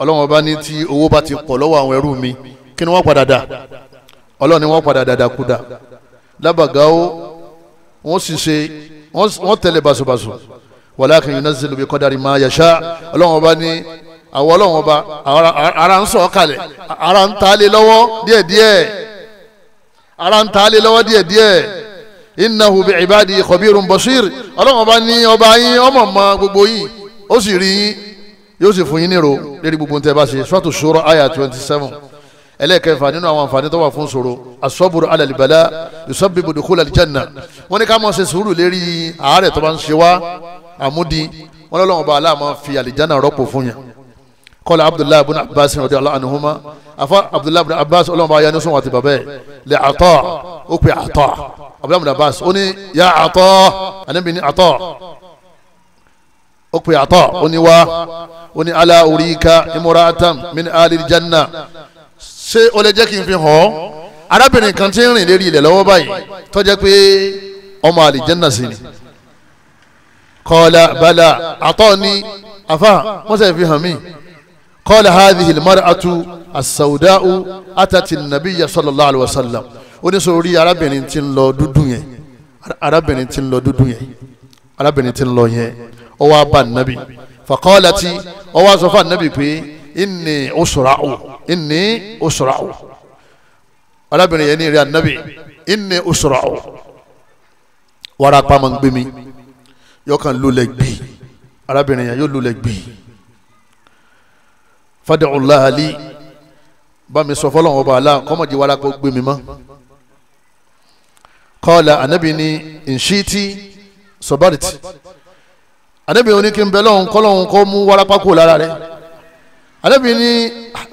ọlọ́wọ́n bá ní ti owó bá ti pọ̀ lọ́wọ́ àwọn ẹrú mi kí ni wọ́n padà dà ọlọ́run ni wọ́n padà dàdàkúdà lábàgáwó wọ́n sì ṣe wọ́n tẹ̀lé basubasu walakin yunazzilu bi qadari ma yasha ọlọ́run ọba ní àwọn ọlọ́run ọba ara ń sọ̀ kalẹ̀ ara ń ta lé lọ́wọ́ díẹ̀díẹ̀ ara ń ta lé lọ́wọ́ díẹ̀díẹ̀ innahu bi ibadi khabirun basir ọlọ́run ọba ní ọba yín ọmọ ọmọ gbogbo yín ó sì rí yín yóò sì fún yín nírò lérí gbogbo ntẹ́ bá ṣe suratu shura aya twenty seven ẹlẹ́ẹ̀kẹfà nínú àwọn àǹfààní tó wà fún sòro asọ́bùrù alàlìbàlá ìsọ́bìbò dùkúlà àlìjánà wọ́n ní ká máa ṣe sùúrù lérí àárẹ̀ tó bá ń ṣe wá àmúdi wọ́n lọ́wọ́ bá aláàmọ́ fi àlìjánà rọ́pò fún yẹn kọ́lá abdullahi ibn abbas radiyallahu anhuma afa abdullahi ibn abbas ọlọ́wọ́ bá ya ní sunwọ̀n àti bàbá ẹ̀ lè àtọ́ ó pe àtọ́ abdullahi ibn abbas ó ní ya àtọ́ ànábì ní àtọ́ ó pe àtọ́ ó min alil ṣé o lè jẹ́ kí n fi hàn ọ́ arábìnrin kan ti ń rìn lérí ilẹ̀ lọ́wọ́ báyìí tó jẹ́ pé ọmọ àlìjẹ́nà sí ni kọ́lá bala àtọ́ ni afa wọ́n sẹ́ fi hàn mí kọ́lá hadhihi almar'atu as-sawda'u atati an-nabiyya sallallahu alayhi arábìnrin ti ń lọ dúdú yẹn arábìnrin ti ń lọ dúdú yẹn arábìnrin ti ń lọ yẹn ó wá bá nàbì faqalati ó wá sọ fún ànàbì pé inni usra'u inni usra'u arábìnrin yẹn ní ìrẹ́ ànábì inni usra'u warapa máa ń gbé mi yọkàn lulẹ̀ gbì arábìnrin yẹn yóò lulẹ̀ gbì fad'u llaha li bá mi sọ fọlọ́wọ́n ọba àlá kọ́mọ̀jì warapa gbé mi mọ́ qala ànábì ní in shiti sabarti ànábì oníkìmbẹ́lọ́hún kọ́ mú warapa kú lára rẹ̀ ànábì ní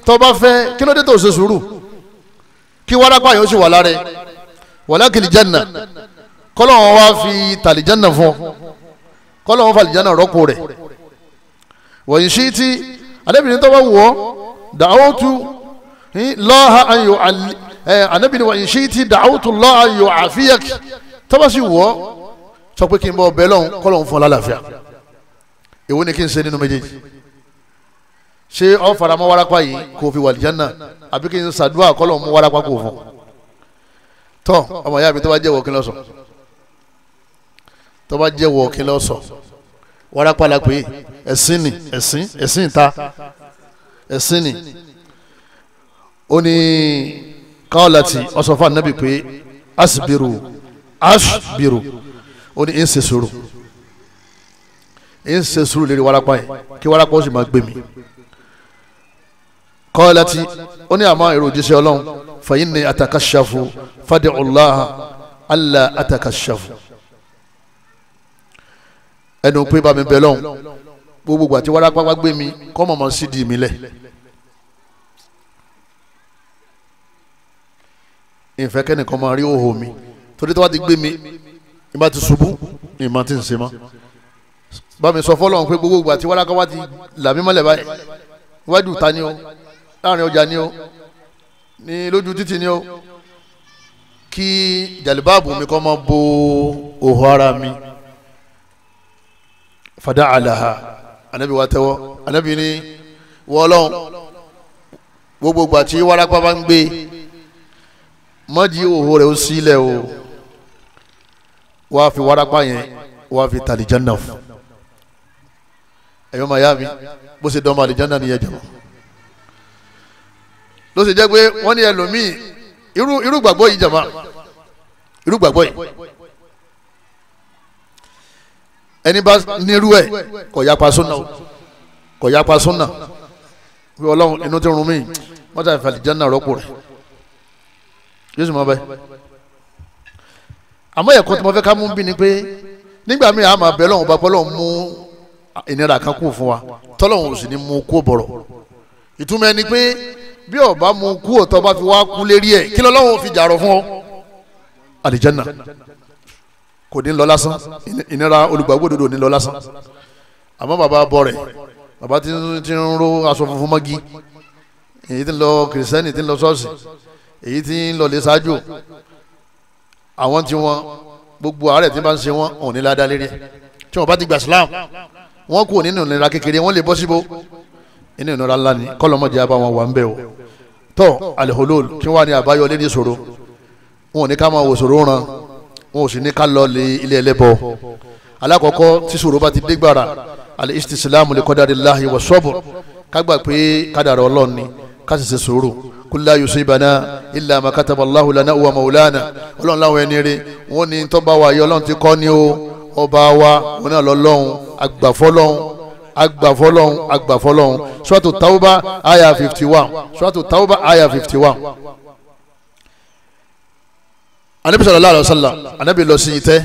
tó bá fẹ́ kí ló dé tó ṣe sùúrù kí wárápá yóò sì wà lára wàlákìlì janna kọ́lọ́wọ́n wá fi tàlìjánà fún ọ kọ́lọ́wọ́n fàlìjánà rọ́pò rẹ̀ wọ̀nyí sí ti ànábìnrin tó bá wọ̀ da'awtu eh, lọ́ha ayò eh, ànábìnrin wọ̀nyí sí ti da'awtu lọ́ha ayò àfíyàkì tó bá sì wọ̀ sọ pé kí n bọ̀ bẹ́ẹ̀ lọ́hùn kọ́lọ́wọ́n fún ọ lálàáfíà èwo ni kí n ṣe nínú méjèèjì ṣé ọ faramọ́ warapa yìí kò fi wàlìjánà àbí kí n ṣàdúrà kọ́lọ̀ mú warapa kò fún tọ́ ọmọ ìyá mi tó bá jẹ́ wọ̀ọ́kí lọ́sọ̀ tó bá jẹ́ wọ̀ọ́kí lọ́sọ̀ warapa la pé ẹ̀sìn ni ẹ̀sìn ẹ̀sìn ta ẹ̀sìn ni ó ní káwọ́láti ọ̀sọ̀fà nàbì pé asibiru asibiru ó ní ń ṣe sùúrù ń lérí warapa yìí kí warapa ó sì máa gbé mi kọ́lẹ́tì ó ní àmọ́ èrò òjíṣẹ́ ọlọ́run fẹ̀yìn ní atakashafu fadé ọláha allah atakashafu ẹnu pé bá mi bẹ lọ́hùn gbogbo àti wàrà pápá gbé mi kọ́ mọ̀mọ́ sí di mi lẹ̀. ìfẹ́ kẹ́nìkan máa rí òhò mi torí tó bá ti gbé mi ìbá ti ṣubú ìmọ̀ ti ń ṣe mọ́ bá sọ fọ́lọ́hún pé gbogbo àti wàrà pápá ti là báyìí iwájú ta ni o láàrin ọjà ni o ní lójú títì ni o kí jàlibáàbù mi kọ́ máa bo òhò ara mi fada alaha anabi wa tẹ́wọ́ anabi ni wọ́ọ́lọ́n gbogbo ìgbà tí wárápá bá ń gbé mọ́jì òhò rẹ̀ ó sílẹ̀ o wá fi wárápá yẹn wá fi tàlìjánná fún ẹ̀yọ́ màyá mi bó ṣe dán mọ́ àlìjánná nìyẹn jọ̀wọ́ ló sì jẹ́ pé wọ́n ní ẹlòmíì irú irú gbàgbọ́ yìí jàmá irú gbàgbọ́ yìí ẹni bá nírú ẹ̀ kò yapa súnà kò yapa súnà wí ọlọ́run inú ti rún mí wọ́n ti àfàlì jẹ́nà rọ́pò rẹ̀ yóò sì mọ bẹ́ẹ̀ àmọ́ ẹ̀kọ́ tí mo fẹ́ ká mú bí ni pé nígbà míì àmọ́ abẹ́ lọ́hùn bá pọ́lọ́hùn mú ìnira kan kù fún wa tọ́lọ́hùn ò sì ní mú kó bọ̀rọ̀ ìtumọ̀ ẹni pé bí ọba mu kú ọ̀tọ̀ bá fi wá kú lérí ẹ̀ kí lọ́lọ́wọ́ fi jàrọ̀ fún ọ àlìjẹ́nà kò ní lọ lásán ìnira olùgbàgbọ́ òdodo ní lọ lásán àmọ́ bàbá bọ̀ rẹ̀ bàbá ti ń ro aṣọ funfun mọ́gi èyí ti ń lọ kìrìsìtẹ́nì ti ń lọ ṣọ́ọ̀ṣì èyí ti ń lọ lè ṣáájú àwọn tí wọn gbogbo àárẹ̀ tí wọ́n ń ṣe wọn ò ní ládàá lérí ẹ̀ tí wọ́n bá ti gbà Islam wọ́n kú nínú ìnira kékeré wọ́n lè bọ́ síbo inú ìnira ńlá ni kọ́lọ́mọdé abá wà ń bẹ̀ o tọ́ aliholol kí wọ́n á ní àbáyọ lé ní ìṣòro wọn ò ní ká máa wò ṣòro ràn wọn ò sì ní ká lọ lé ilé ẹlẹ́bọ alákọ̀ọ́kọ́ tí ṣòro bá ti dé gbàrà alẹ́ istisilamu lè kọ́dáde láàyè wọ sọ́ọ̀bù ká gbà pé kádàrá ọlọ́run ni ká sì ṣe sòrò kul la yusibana illa Allahu lana wa maulana ọlọ́run láwọn ẹni rí wọn ni tọ́ba wa yọ ọlọ́run ti kọ́ ni o ọba wa wọn náà lọ́lọ́run àgbàfọ́lọ́run agbàfọlọ́hún agbàfọlọ́hún suratu tawba aya fifty one suratu tawba aya fifty one anabi sallallahu alaihi wasallam anabi lọ sí itẹ́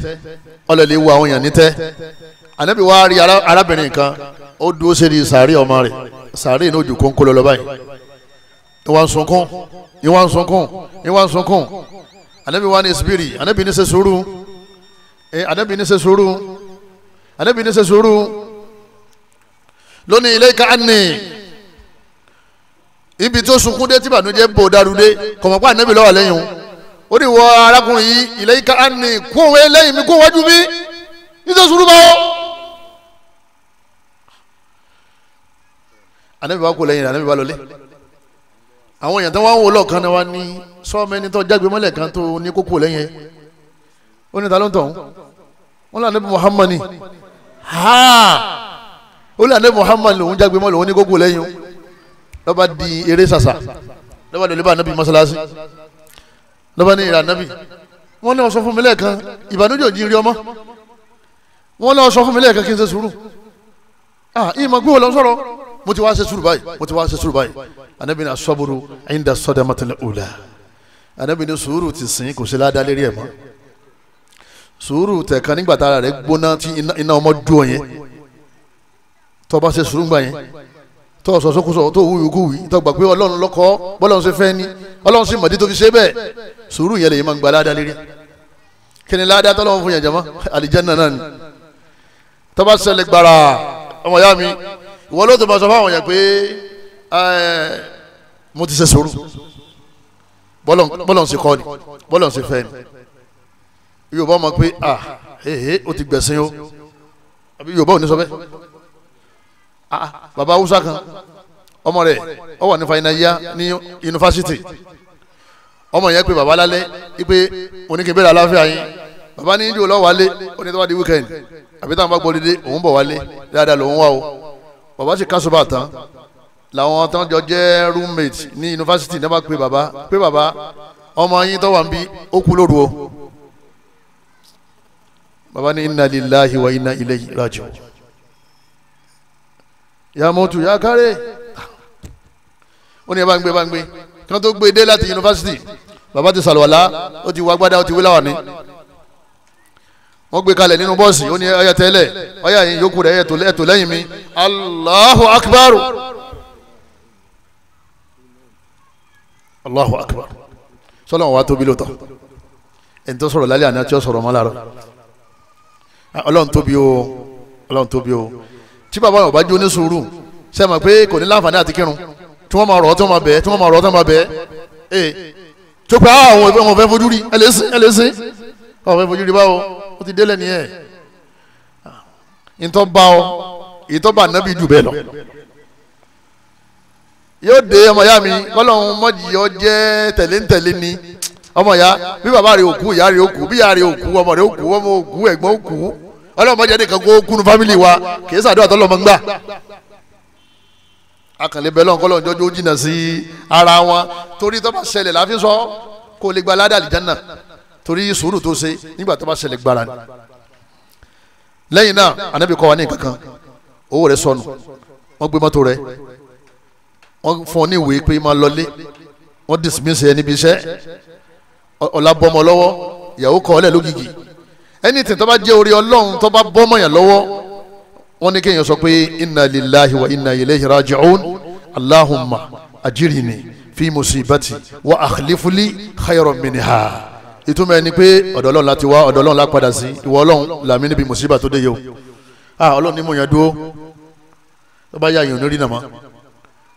ọlọlẹ wo àwọn èèyàn nítẹ́ anabi wa rí arábìnrin kan ó dúró sí sàárè ọmọ rẹ̀ sàárè ní ojú kónkó lọ lọ báyìí ìwà ń sunkún ìwà ń sunkún ìwà ń sunkún anabi wa ní sibiri anabi ní ṣe sùúrù anabi eh, ní ṣe sùúrù anabi ní ṣe sùúrù lónìí ilé ká ní ibi tó sunkún dé tí bànújẹ́ bò dárúdé kọ̀mọ̀pá ànábì lọ́wọ́ lẹ́yìn o ó ní wọ arákùnrin yìí ilé ká ní kó òun lẹ́yìn mi kó wájú mi nítorí sùúrù bá o. ànábì wa kò lẹ́yìn ànábì wa lọlé àwọn èèyàn tó wá ń wo lọ́ọ̀kan náà wá ní sọ́ọ̀mù ẹni tó jágbe mọ́lẹ̀ kan tó ní kókó lẹ́yìn ó ní ta ló ń tọ̀ wọ́n lọ́ọ̀ ànábì Muhammad ni ha ó lè àdé Muhammad lòun jágbe mọ́ lòun ní gógó lẹ́yìn lọ́ba di eré sàṣà lọ́ba lè bá anabi mọ́sálásí lọ́ba ní ìrà anabi wọ́n náà sọ fún mi lẹ́ẹ̀kan ìbànújẹ́ òjì rí ọmọ wọ́n náà sọ fún mi lẹ́ẹ̀kan kí n ṣe sùúrù ah ìmọ̀ gbé wọn lọ sọ̀rọ̀ mo ti wá ṣe sùúrù báyìí mo ti wá ṣe sùúrù báyìí anabi ní asọ́buru inda sọ́dọ̀mọ́tìlẹ̀ òòlà anabi ní sùúrù ti sìn kò sí ládàá lérí ẹ̀ mọ́ sùúrù tẹ̀kan nígbà tára rẹ̀ gbóná tí iná ọmọ dùn yẹn tó se ṣe sùrùngbà yẹn tó sọ̀sọ́kùsọ̀ tó wúwi kúwi tó gbà pé ọlọ́run lọ́kọ́ bọ́lọ́run ṣe fẹ́ ni ọlọ́run sì mọ̀dí tó fi ṣe bẹ́ẹ̀ sùúrù yẹn lè yẹn máa ń gba ládàá lérí kí ládàá tọ́lọ́run fún yẹn jama àlìjánnà náà ni tó bá ṣẹlẹ̀ gbàrà ọmọ ìyá mi ìwọ ló tó bá sọ fáwọn yẹn pé mo ti ṣe sùúrù bọ́lọ́run sì kọ́ ni bọ́lọ́run sì fẹ́ ni yorùbá mọ̀ pé ah ehe eh, o ti gbẹ̀sìn o àbí yorùbá ò ní sọ bẹ́ẹ̀ baba ah, awusa ah. kan ọmọ rẹ ọ wà ní fainaya ní yunifásitì ọmọ yẹn pé baba lálẹ́ ipe oníkebèrè aláfíà yín baba ní ìdí olówó wálé onítọ́wá di weekend àbí táwọn bá gbọ́ dídé òun bọ̀ wálé dáadáa lòun wá o baba sì kásùbà tán làwọn tán jọ jẹ́ roommate ní yunifásitì náà bá pé baba pé baba ọmọ yín tó wà ń bí ó kú lóru o baba ní inna lillahi wa inna ilayhi raji'un yàmùtù yàkárẹ ó ní ẹ bá ń gbé bá ń gbé kí wọn tó gbé dé láti yunifásitì bàbá ti sàlùwàlá ó ti wá gbádá ó ti wí láwàní wọ́n gbé kalẹ̀ nínú bọ́ọ̀sì ó ní ẹyẹ tẹ́lẹ̀ ọyà yìí yòókù rẹ̀ ẹ̀tọ́ lẹ́yìn mi Allahu akbar Allahu akbar sọlá wọn wá tóbi lóòótọ́ ẹni tó sọ̀rọ̀ lálẹ́ àná tí ó sọ̀rọ̀ mọ́ láàárọ̀ ah, ọlọ́run tóbi o ọlọ́run tóbi o tí bàbá wọn bá jó ní sùúrù ṣe mọ̀ pé kò ní láǹfààní àti kírun tí wọ́n máa rọ̀ tí wọ́n máa bẹ̀ tí wọ́n máa rọ̀ tí wọ́n máa bẹ̀ ee tó pé ah, àwọn ìfẹ́ wọn fẹ́ fojú rí ẹ lè ṣe ẹ lè ṣe wọn fẹ́ fojú rí báwo ó ti délẹ̀ nìyẹn ìtọ́ bá ọ ìtọ́ bá nábì jù bẹ́ẹ̀ lọ yóò dé ọmọ ya mi kọ́lọ́hún mọ́jì ọ jẹ́ tẹ̀léńtẹ̀lé ni ọmọ ya bí bàbá rẹ̀ òkú ìyá rẹ̀ òkú bí ìyá rẹ̀ òkú ọlọ́mọ jẹ́ nìkan kó kúnnu fámìlì wa kì í sàdúrà tọ́lọ́mọ ń gbà akànlẹ̀ bẹ́ẹ̀ lọ́nkọ́ lọ́njọ́ jó jìnnà sí ara wọn torí tó bá ṣẹlẹ̀ láfi sọ kó lè gba aládàá àlìjánà torí sùúrù tó ṣe nígbà tó bá ṣẹlẹ̀ gbára ni. lẹ́yìn náà ànábì kọ́ wa ní kankan owó rẹ̀ sọnù wọ́n gbé mọ́tò rẹ̀ wọ́n fún ọ ní ìwé pé máa lọlé wọ́n dismiss ẹ níbi iṣẹ́ ọ̀làbọ̀mọ̀ lọ́wọ́ ìyàwó kọ́ ọ lẹ̀ lógìgì anything tó bá jẹ́ orí ọlọ́run tó bá bọ́ mọ̀yàn lọ́wọ́ wọ́n ní kéèyàn sọ pé inna lillahi wa inna ilayhi raji'un allahumma ajirini fi musibati wa akhlifuli khayran minha ìtumọ̀ ẹni pé ọ̀dọ̀ láti wá ọ̀dọ̀ ọlọ́run lápadà sí ìwọ ọlọ́run làmì níbi musiba tó dé yìí o ah ọlọ́run ní mo yàn dúró tó bá yà yàn rí nàmá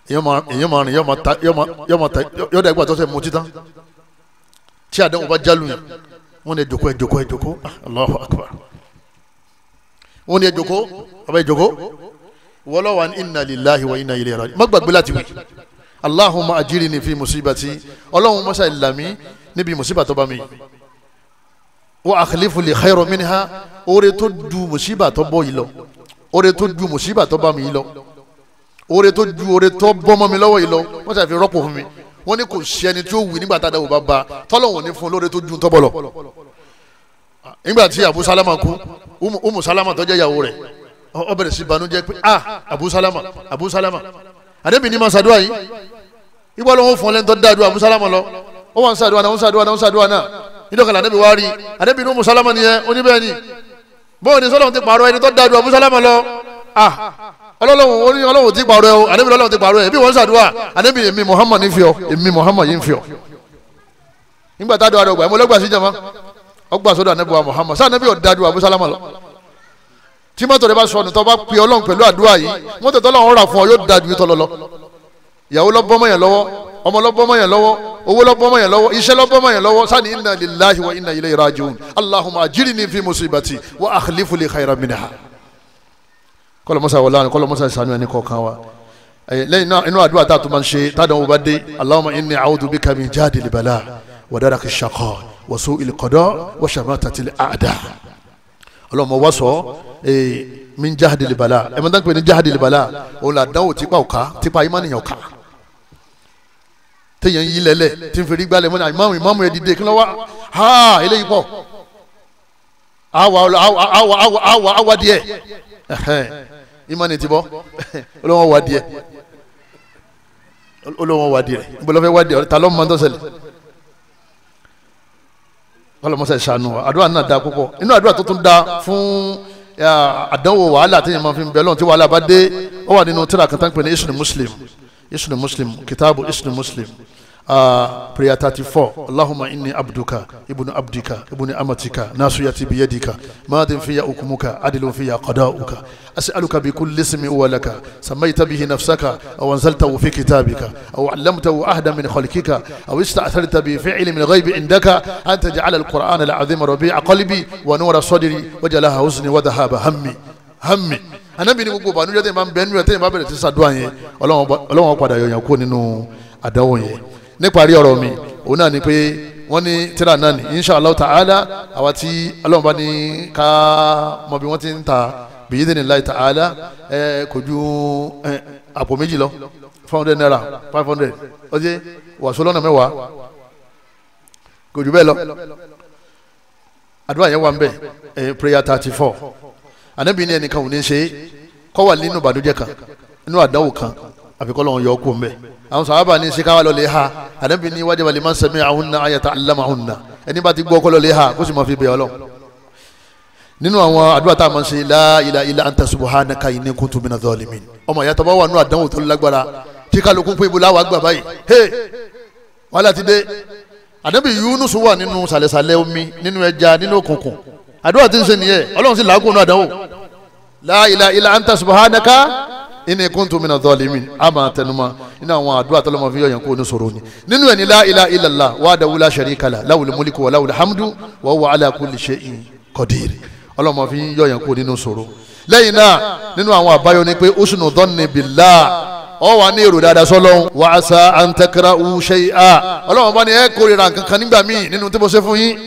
èèyàn máa rìn yọ máa ta yọ máa ta yọ dàgbà tó sẹ́ mu títán tí àdéhùn bá jálù yàn wọ́n ní ẹ jókòó ẹ jókòó ẹ jókòó ah, Allahu Akbar wọ́n ní ẹ jókòó ọba ẹ jókòó wọ́lọ́wà ní inna lillahi wa inna ilayhi raji má gbàgbé láti wí Allahumma ajirni fi musibati ọlọ́run mọ́sá ìlàmí níbi musiba tó bá mi wa akhlifu li khayran minha oore tó du musiba tó bọ́ yìí lọ oore du musiba tó bá mi yìí lọ du oore tó bọ́ mọ́ mi lọ́wọ́ yìí lọ fi rọ́pò fún mi wọ́n ní kò sí ẹni tí ó wí nígbà tádàwọ̀ bá ba tọ́lọ̀wọ̀n ní fún lóore tó ju tọ́bọ̀lọ̀ nígbà tí Abu Salama kú Umu Salama tó jẹ́ ìyàwó rẹ̀ ó bẹ̀rẹ̀ sí banújẹ́ pé ah Abu Salama Abu Salama àdébì ni ma ṣàdúrà yìí ìgbà lọ́wọ́ fún ọlẹ́ńtọ́ dáadúrà Abu Salama lọ ó wà ń ṣàdúrà náà ń ṣàdúrà náà ń ṣàdúrà náà nídọ̀kàlà àdébì wá rí àdébì ní Umu Salama nìyẹn oníbẹ̀ẹ́ni bóyá ni sọ́lọ́run ti pààrọ̀ ẹni tó dáadúrà Abu Salama lọ ah ọlọ́run orí ọlọ́run ti pààrọ̀ ẹ o ànábì ọlọ́run ti pààrọ̀ ẹ bí wọ́n ṣàdúrà ànábì èmi Muhammad ní fi ọ èmi Muhammad yìí ń fi ọ. nígbà tá a dọ̀wọ́ àdọ̀gbà ẹ̀mọ́ lọ́gbà sí jama ọgbà sọ́dọ̀ ànábì wa Muhammad sáà ànábì ọ̀dà àdúrà abúsálámà lọ. tí mọ́tò rẹ bá sọnù tó bá pe ọlọ́run pẹ̀lú àdúrà yìí mọ́tò tọ́lọ́run rà fún ọ yóò da ju tọ́lọ lọ. ìyàwó lọ́bọ́mọ̀yàn lọ́wọ́ ọmọ lọ́bọ́mọ̀yàn lọ́wọ́ owó lọ́bọ́mọ̀yàn lọ́wọ́ iṣẹ́ kọlọmọsá wọlé àná kọlọmọsá sànú ẹni kọ̀ọ̀kan wa eh, lẹ́yìn náà inú àdúrà tá a tún máa ń ṣe tádàn wọ́n bá dé Allahumma inni a'udhu bika min jahdil bala wa daraki shaqa wa su'il qada wa shamatatil a'da ọlọ́mọ wá sọ eh, min jahdil bala ẹ̀ mọ́tàn pé ní jahdil bala òun là dáwọ́ tipa ọ̀ka tipa ìmánìyàn ọ̀ka téèyàn yí lẹ́lẹ̀ tí n fèrè gbalẹ̀ mọ́ni àmọ́ ìmọ̀mù ẹ̀ dìde kí ló wá ìmánì ti bọ́ olówó wà díẹ̀ olówó wà díẹ̀ nbọlọ́fẹ́ wà díẹ̀ ta ló ń mọ́tò sẹ́lẹ̀ ọlọmọsẹ ṣàánú àdúrà náà da púpọ̀ inú àdúrà tó tún da fún àdánwò wàhálà tí yẹn máa fi ń bẹ lọ́n tí wàhálà bá dé ó wà nínú tírà kan tán pé ní Hisnul Muslim Hisnul Muslim kìtàbù Hisnul Muslim. Uh, prayer 34 Allahumma inni abduka ibnu abdika ibnu amatika nasiyati biyadika madin fiya hukmuka adilun fiya qada'uka as'aluka bi kulli ismi huwa laka samaita bihi nafsaka aw anzaltahu fi kitabika aw 'allamtahu ahada min khalqika aw ista'tharta bi fi'li min ghaibi indaka an taj'ala al-qur'ana al-'azima rabi'a qalbi wa nura sadri wa jalaha huzni wa dhahaba hammi hammi anabi ni gbogbo ìbànújẹ́ tẹ̀yìn bá ń bẹ nínú ẹ̀ tẹ̀yìn bá bẹ̀rẹ̀ sí sàdúrà yẹn ọlọ́wọ́n padà yọ̀yàn kú nínú àdáwọ̀ yẹn níparí ọ̀rọ̀ mi òun náà ni pé wọ́n ní tíra náà ni insha ta'ala àwa tí ọlọ́run bá ní ká mọ bí wọ́n ti ń ta bìyí ta'ala ẹ kò ju àpò méjì lọ five hundred naira five hundred ọjẹ́ wàásù lọ́nà mẹ́wàá kò ju bẹ́ẹ̀ lọ àdúrà yẹn wà ń bẹ̀ ẹ̀ prayer thirty four ànábì ni ẹnìkan ò ní ṣe kọ́ wà nínú ìbànújẹ́ kan nínú àdáwò kan àfikọ́ lọ́wọ́ yọ ọ́ bẹ́ẹ̀ àwọn sàhábà ní sikawa lọlẹ ha ànábì ní wájú balẹ̀ máa ń sẹ́mi àwọn náà ayẹ̀tà aláma àwọn náà ẹni bá ti gbọ́ kọ́ lọlẹ ha kó sì máa fi bẹ̀ ọlọ́ nínú àwọn àdúrà tá a máa ń ṣe la ilaha illa anta subhanaka inni kuntu minaz zalimin ọmọ ìyá tó bá wà nínú àdánwò tó lágbára kí kálukú pé ibùdó àwọn àgbà báyìí hey wàhálà ti dé ànábì Yunus wà nínú sàlẹ̀sàlẹ̀ omi nínú ẹja nínú òkùnkùn àdúrà ti ń ṣe nìyẹn ọlọ́run sì làákùn nínú àdánwò inni kuntu mina zalimin a máa tẹnuma iná àwọn àdúrà tó lọ́mọ fi yọ̀yàn kó ní sọ̀rọ̀ ni nínú ẹ̀ ní la ilaha illallah wahdahu la sharika lahu lahul mulku wa lahul hamdu wa huwa ala kulli shay'in qadir ọlọ́mọ fi yọ̀yàn kó nínú sọ̀rọ̀ lẹ́yìn náà nínú àwọn àbáyọ ni pé usnu dhanni billah ọ wà ní èrò dáadáa sọlọ́hún wa asa an takrahu shay'an ọlọ́run bá ní ẹ kórìíra kankan nígbà míì nínú tí mo ṣe fún yín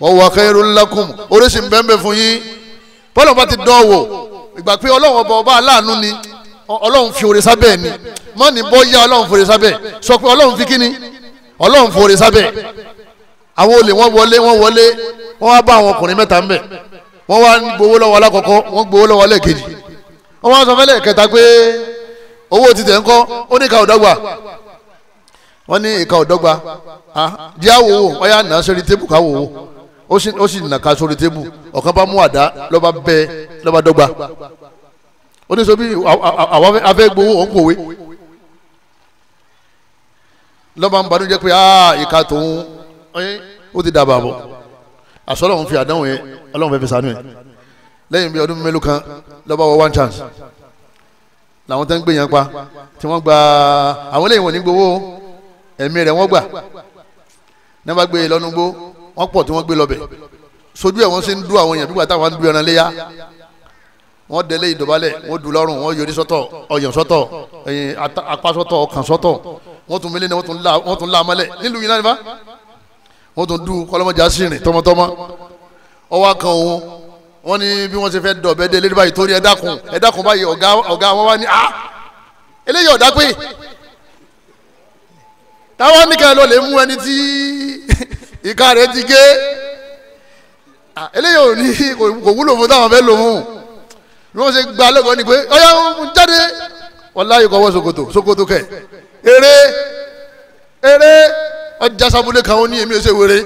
wa huwa khairul lakum oríṣi bẹ́ẹ̀ bẹ́ẹ̀ fún yín bọ́lọ̀ ti dán wò ìgbà pé ọlọ́run ọba ọba aláàánú ni ọlọ́run fi òrìṣà bẹ́ẹ̀ ni má ní bọ́ yá ọlọ́run fi òrìṣà bẹ́ẹ̀ sọ pé ọlọ́run fi kíni ọlọ́run fi òrìṣà bẹ́ẹ̀ àwọn olè wọ́n wọlé wọ́n wọlé wọ́n wá bá àwọn ọkùnrin mẹ́ta ńbẹ̀ wọ́n wá gbowó lọ́wọ́ alákọ̀ọ́kọ́ wọ́n gbowó lọ́wọ́ lẹ́ẹ̀kejì wọ́n wá sọ fẹ́lẹ́ kẹta pé owó ti tẹ̀ ń kọ́ ó ní ìka ọ̀dọ́gba wọ́n ní ìka ọ̀dọ́gba jẹ́ àwòwò wọ́n yà nà sórí tébù káwòwò ó sì nà ká sórí tébù ọ̀kan bá mú àdá lọ́ba bẹ́ẹ̀ lọ́ba dọ́gba oníṣòbí àwọn afẹ́ gbowó òun kòwé lọ́ba ń banújẹ́ pé aa ah, ìka tòun ó ti dàbà bọ̀ àsọ̀rọ̀ òun fi àdánwò yẹn ọlọ́run fẹ́ fi sànú yẹn lẹ́yìn bíi ọdún mélòó kan lọ́ba wọ one chance làwọn tó ń gbé yẹn pa tí wọ́n gba àwọn eléyìí wọ́n ní gbowó ẹ̀mí rẹ̀ wọ́n gbà ní wọ́n bá gbé e lọ́nugbó wọ́n pọ̀ tí wọ́n gbé lọ́bẹ̀ sojú ẹ̀ wọ́n sì ń dú àwọn èèyàn bí wọ́n táwọn ń dú ẹran léyà wọ́n délé ìdọ̀bálẹ̀ wọ́n dùn lọ́rùn wọ́n yọrí sọ́tọ̀ ọ̀yàn sọ́tọ̀ apá sọ́tọ̀ ọkàn sọ́tọ̀ wọ́n tún mílíọ̀nù wọ́n tún làmọ́lẹ̀ nílùú yìí náà nípa wọ́n tún dùn kọ́lọ́mọjà sírìn tọmọtọmọ ọwọ́ kan òun wọ́n ní bí wọ́n ṣe fẹ́ dọ̀bẹ́ délé báyìí torí ẹ̀dákun ẹ̀dákun báyìí ọ̀gá ọ̀gá wọn wá ní a ah! eléyìí ọ̀dá pé táwọn nìkan ló lè mú ẹni tí ìka rẹ̀ ti gé ah, eléyìí ò ní kò wúlò fún táwọn fẹ́ lò fún ni wọ́n ṣe gba lẹ́kọ̀ọ́ ni pé ọ̀yà ń jáde wàláyé kọ́ wọ́n sokoto sokoto kẹ̀ eré eré ọjà sábúlé kan ó ní èmi ò ṣe wéré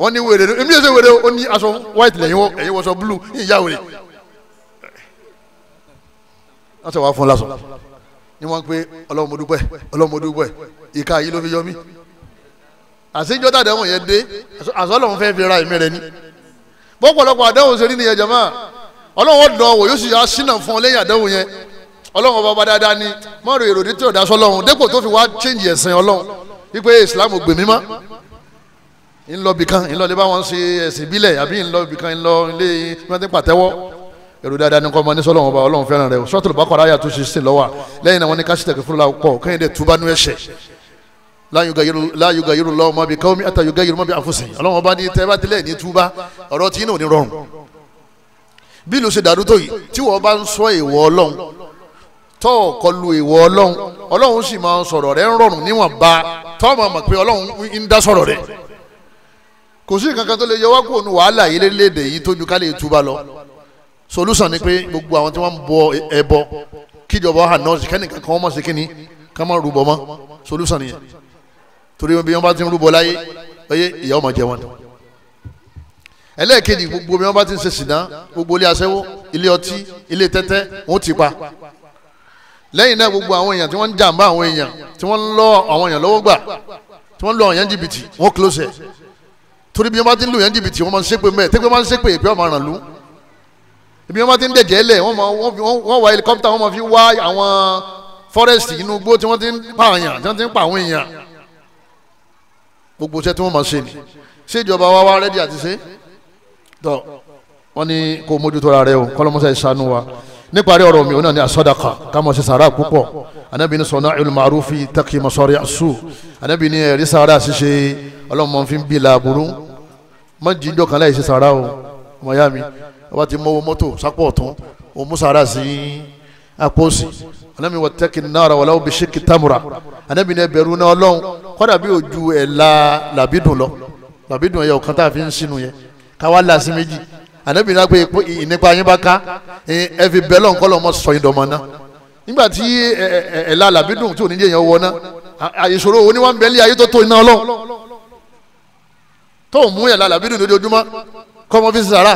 wọ́n ní èmi ò ṣe wéré ó aṣọ white lẹ́yìn wọ́n ẹ̀yìn wọ́n sọ blue yìí yá wéré wọ́n sọ wá fún lásán ni wọ́n pe ọlọ́mọ dúpẹ́ ọlọ́mọ dúpẹ́ ìka yìí ló fi yọ mí àṣejọ́ tàdéhùn yẹn dé àṣọ lòun fẹ́ fi ra ìmí rẹ ni bọ́pọ̀lọpọ̀ àdéhùn ṣe nínú yẹn jẹ́ ọlọ́run ọ̀dàn wò yóò sì yá sínà fún ọ lẹ́yìn àdánwò yẹn ọlọ́run ọba ọba dáadáa ni mọ́rọ̀ èròdí tí ọ̀dà sọlọ́run dépò tó fi wá change ẹ̀sìn ọlọ́run wípé islam gbè mí mọ́ ńlọbìkan ńlọlẹ́ bá wọn ṣe ẹ̀sìn ìbílẹ̀ àbí ńlọbìkan ńlọ ilé ìrántí pàtẹ́wọ́ èrò dáadáa ní kọ́ ọmọ ní sọlọ́run ọba ọlọ́run fẹ́ràn rẹ sọ́tùlù bá kọ́ra ayàtú ṣe sí lọ́wọ́ lẹ́yìn àwọn ní kásítẹ̀kì fúnra pọ̀ kẹ́yìn dẹ̀ túbánú ẹ̀ṣẹ̀ láyùgà yìí lọ́wọ́ mọ́ bí káwọn mi àtàyùgà yìí mọ́ bí àfọ̀sẹ̀ ọlọ́run ọba ní tẹ́ bá tilẹ̀ ní túbá ọ̀rọ̀ tí yín náà ní rọrùn bí ìlú ṣe dàrú tó yìí tí wọ́n bá ń sọ ìwọ ọlọ́run tọ́ ọ̀kọlù ìwọ ọlọ́run ọlọ́run sì máa ń sọ̀rọ̀ rẹ̀ ń rọrùn níwọ̀nba tọ́ ọmọ mọ̀ pé ọlọ́run ń dá sọ̀rọ̀ rẹ̀ kò sí nǹkan kan tó lè yọ wá kúrò ní wàhálà yìí léléèdè yìí tójú ká lè túbà lọ solution ni pé gbogbo àwọn tí wọ́n ń bọ ẹbọ kíjọba hàn náà kẹ́nìkan kan wọ́n mọ̀ sí kínní ká má rúbọ mọ́ solution nìyẹn torí bí wọ́n bá ti rúbọ láyé ẹyẹ ìyà ó jẹ wọ́n ẹlẹ́ẹ̀kejì gbogbo mi wọ́n bá ti ń ṣe sìná gbogbo ilé aṣẹ́wó ilé ọtí ilé tẹ́tẹ́ wọ́n ti pa lẹ́yìn náà gbogbo àwọn èèyàn tí wọ́n ń jàǹbá àwọn èèyàn tí wọ́n ń lọ àwọn èèyàn lọ́wọ́ gbà tí wọ́n ń lọ àwọn èèyàn jìbìtì wọ́n close ẹ̀ torí bí wọ́n bá ti ń lò èèyàn jìbìtì wọ́n máa ń ṣépè mẹ́ẹ̀ tẹ́gbẹ́ máa ń ṣépè èpè ọ̀mà ràn lú ibi wọ́n bá ti ń dẹ̀jẹ̀ lẹ̀ wọ́n wá helicopter wọ́n máa fi wá ṣe ìjọba wa wá rẹ́dí àti ṣe tọ́ wọ́n ní kó mójútó ara rẹ o kọ́lọ́mọ́sá ìṣàánú wa níparí ọ̀rọ̀ mi onáà ní asọ́dàkà kámọ̀ sí sàrà púpọ̀ anábì ní sọ̀nà ìlúmàrúfi tẹ́kì mọ̀sọ̀rí àṣù anábì ní ẹ̀rí sàrà ṣíṣe ọlọ́mọ fi ń bí làbúrú má jíjọ kan láì ṣe sàrà o ọmọ ya mi wọ́n ti mọ́wọ́ mọ́tò sápọ̀ ọ̀tún o mú sàrà sí àpòsí anábì wọ́n tẹ́kì náírà wọ́n láwọn bí ṣéèkì tamura anábì ní ẹbẹ̀rù náà ọlọ́run kọ́dà bí ojú ẹ̀ la làbídùn lọ làbídùn ẹ̀yà ọ̀kan tá a fi ń sínú yẹn káwá là sí méjì ànábì náà pé ìnípa yín bá ká ẹ fi bẹ́ẹ̀ lọ́nkọ́ lọ́mọ sọ yín dọ̀mọ́ náà nígbà tí ẹ̀ la làbí dùn tí ò ní jẹ́ yẹn wọ náà ìṣòro wo ni wọ́n ayé tó tó iná ọlọ́ tó mú ẹ̀ làbí dùn lójoojúmọ́ kọ́ ọmọ fi sàrà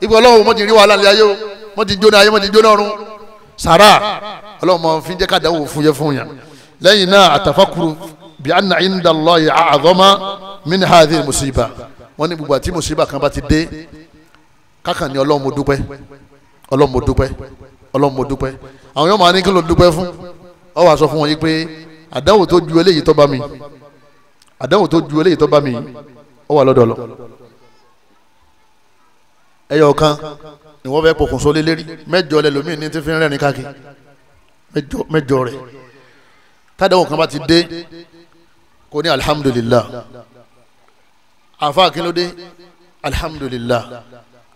ibi ọlọ́run mọ́ ti rí wàhálà ayé o mọ́ ti jóná ayé mọ́ ti jóná ọ̀run sàrà ọlọ́run mọ́ fi jẹ́ kàdáwò fún yẹ fún yàn lẹ́yìn náà àtàfàkùrù bí anna inda Allahi a'zama min hadhihi musiba wọ́n ní gbogbo àti mùsíbà kan bá ti dé kákan ní ọlọ́run mo dúpẹ́ ọlọ́run mo dúpẹ́ ọlọ́run mo dúpẹ́ àwọn yóò máa ní kí ló dúpẹ́ fún ọ wàá sọ fún wọn yìí pé àdáwò tó ju eléyìí tó bá mi àdáwò tó ju eléyìí tó bá mi ọ wà lọ́dọ̀ lọ ẹyọ kan ni wọ́n fẹ́ pokùnso lé lérí mẹ́jọ lẹ́lòmíì ní ti fi rẹ́rìn káàkiri mẹ́jọ rẹ̀ tádàwọ̀ kan bá ti dé kò ní alihamudulilayi àfa kílódé alhamdulillah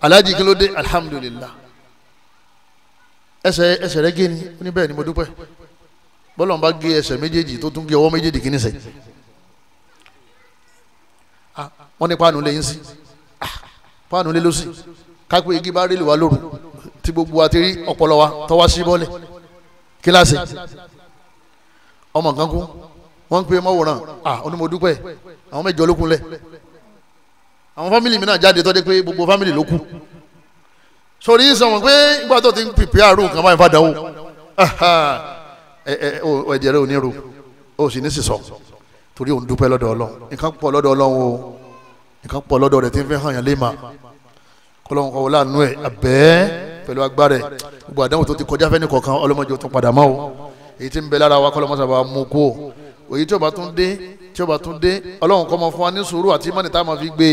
alhaji kílódé alhamdulillah ẹsẹ̀ ẹsẹ̀ rẹ gé ni ó ní bẹ́ẹ̀ ni mo dúpẹ́ bọ́lọ̀ ń bá gé ẹsẹ̀ méjèèjì tó tún gé ọwọ́ méjèèjì kì í sẹ̀ wọ́n ní páànù lẹ́yìn sí ah, páànù lé lọ́sí kápẹ́ igi bá rí lùwà lóru tí gbogbo wa ti rí ọpọlọ wa tọ́wá sí bọ́ọ̀lẹ̀ kíláàsì ọmọ nǹkan kú wọ́n ń pe mọ́wòrán ah, àwọn mẹ́jọ lókun lẹ̀ àwọn fámìlì mi náà jáde tọ́ de pé gbogbo fámìlì ló kù sori sọ wọn pé ìgbà tó ti ń pèpè àrùn kan báyìí fàdáwò ẹ̀jẹ̀ rẹ ò ní ro o sì ní sísọ torí òun dúpẹ́ lọ́dọ̀ ọlọ́run nǹkan pọ̀ lọ́dọ̀ ọlọ́run o nǹkan pọ̀ lọ́dọ̀ rẹ̀ tí ń fẹ́ hàn yàn léèmà kọlọ́run kọ́ wọlé àánú ẹ̀ abẹ́ pẹ̀lú agbára ẹ̀ gbogbo àdánwò tó ti kọjá fẹ́ni kọ̀ọ̀kan ọlọ́mọdé tó padà mọ́ o èyí tí ń bẹ lára wa kọ́lọ́mọ́sàbà mú kú o èyí tó bá tún dé tí ó bá tún dé ọlọ́run kó máa fún wa ní sùúrù àti mani tá a máa fi gbé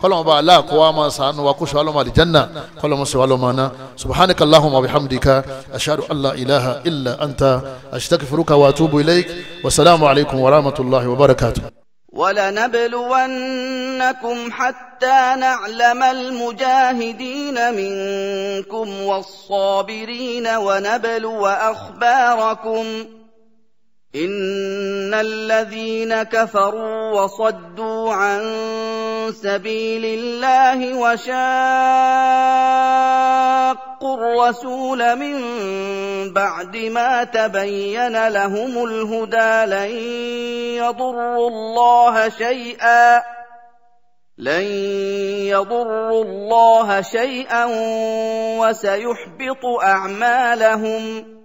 kọ́lọ́run bá aláà kó wa máa sànù wa kó alama alọ́mọ àlìjánná kọ́lọ́run sọ alọ́mọ aná subhanaka allahumma bihamdika ashhadu an la ilaha illa anta astaghfiruka wa atubu ilaik wa salamu alaykum wa rahmatullahi wa barakatuh. ولنبلونكم حتى نعلم المجاهدين منكم والصابرين ونبلو أخباركم ان الذين كفروا وصدوا عن سبيل الله وشاقوا الرسول من بعد ما تبين لهم الهدى لن يضروا الله شيئا لن يضروا الله شيئا وسيحبط اعمالهم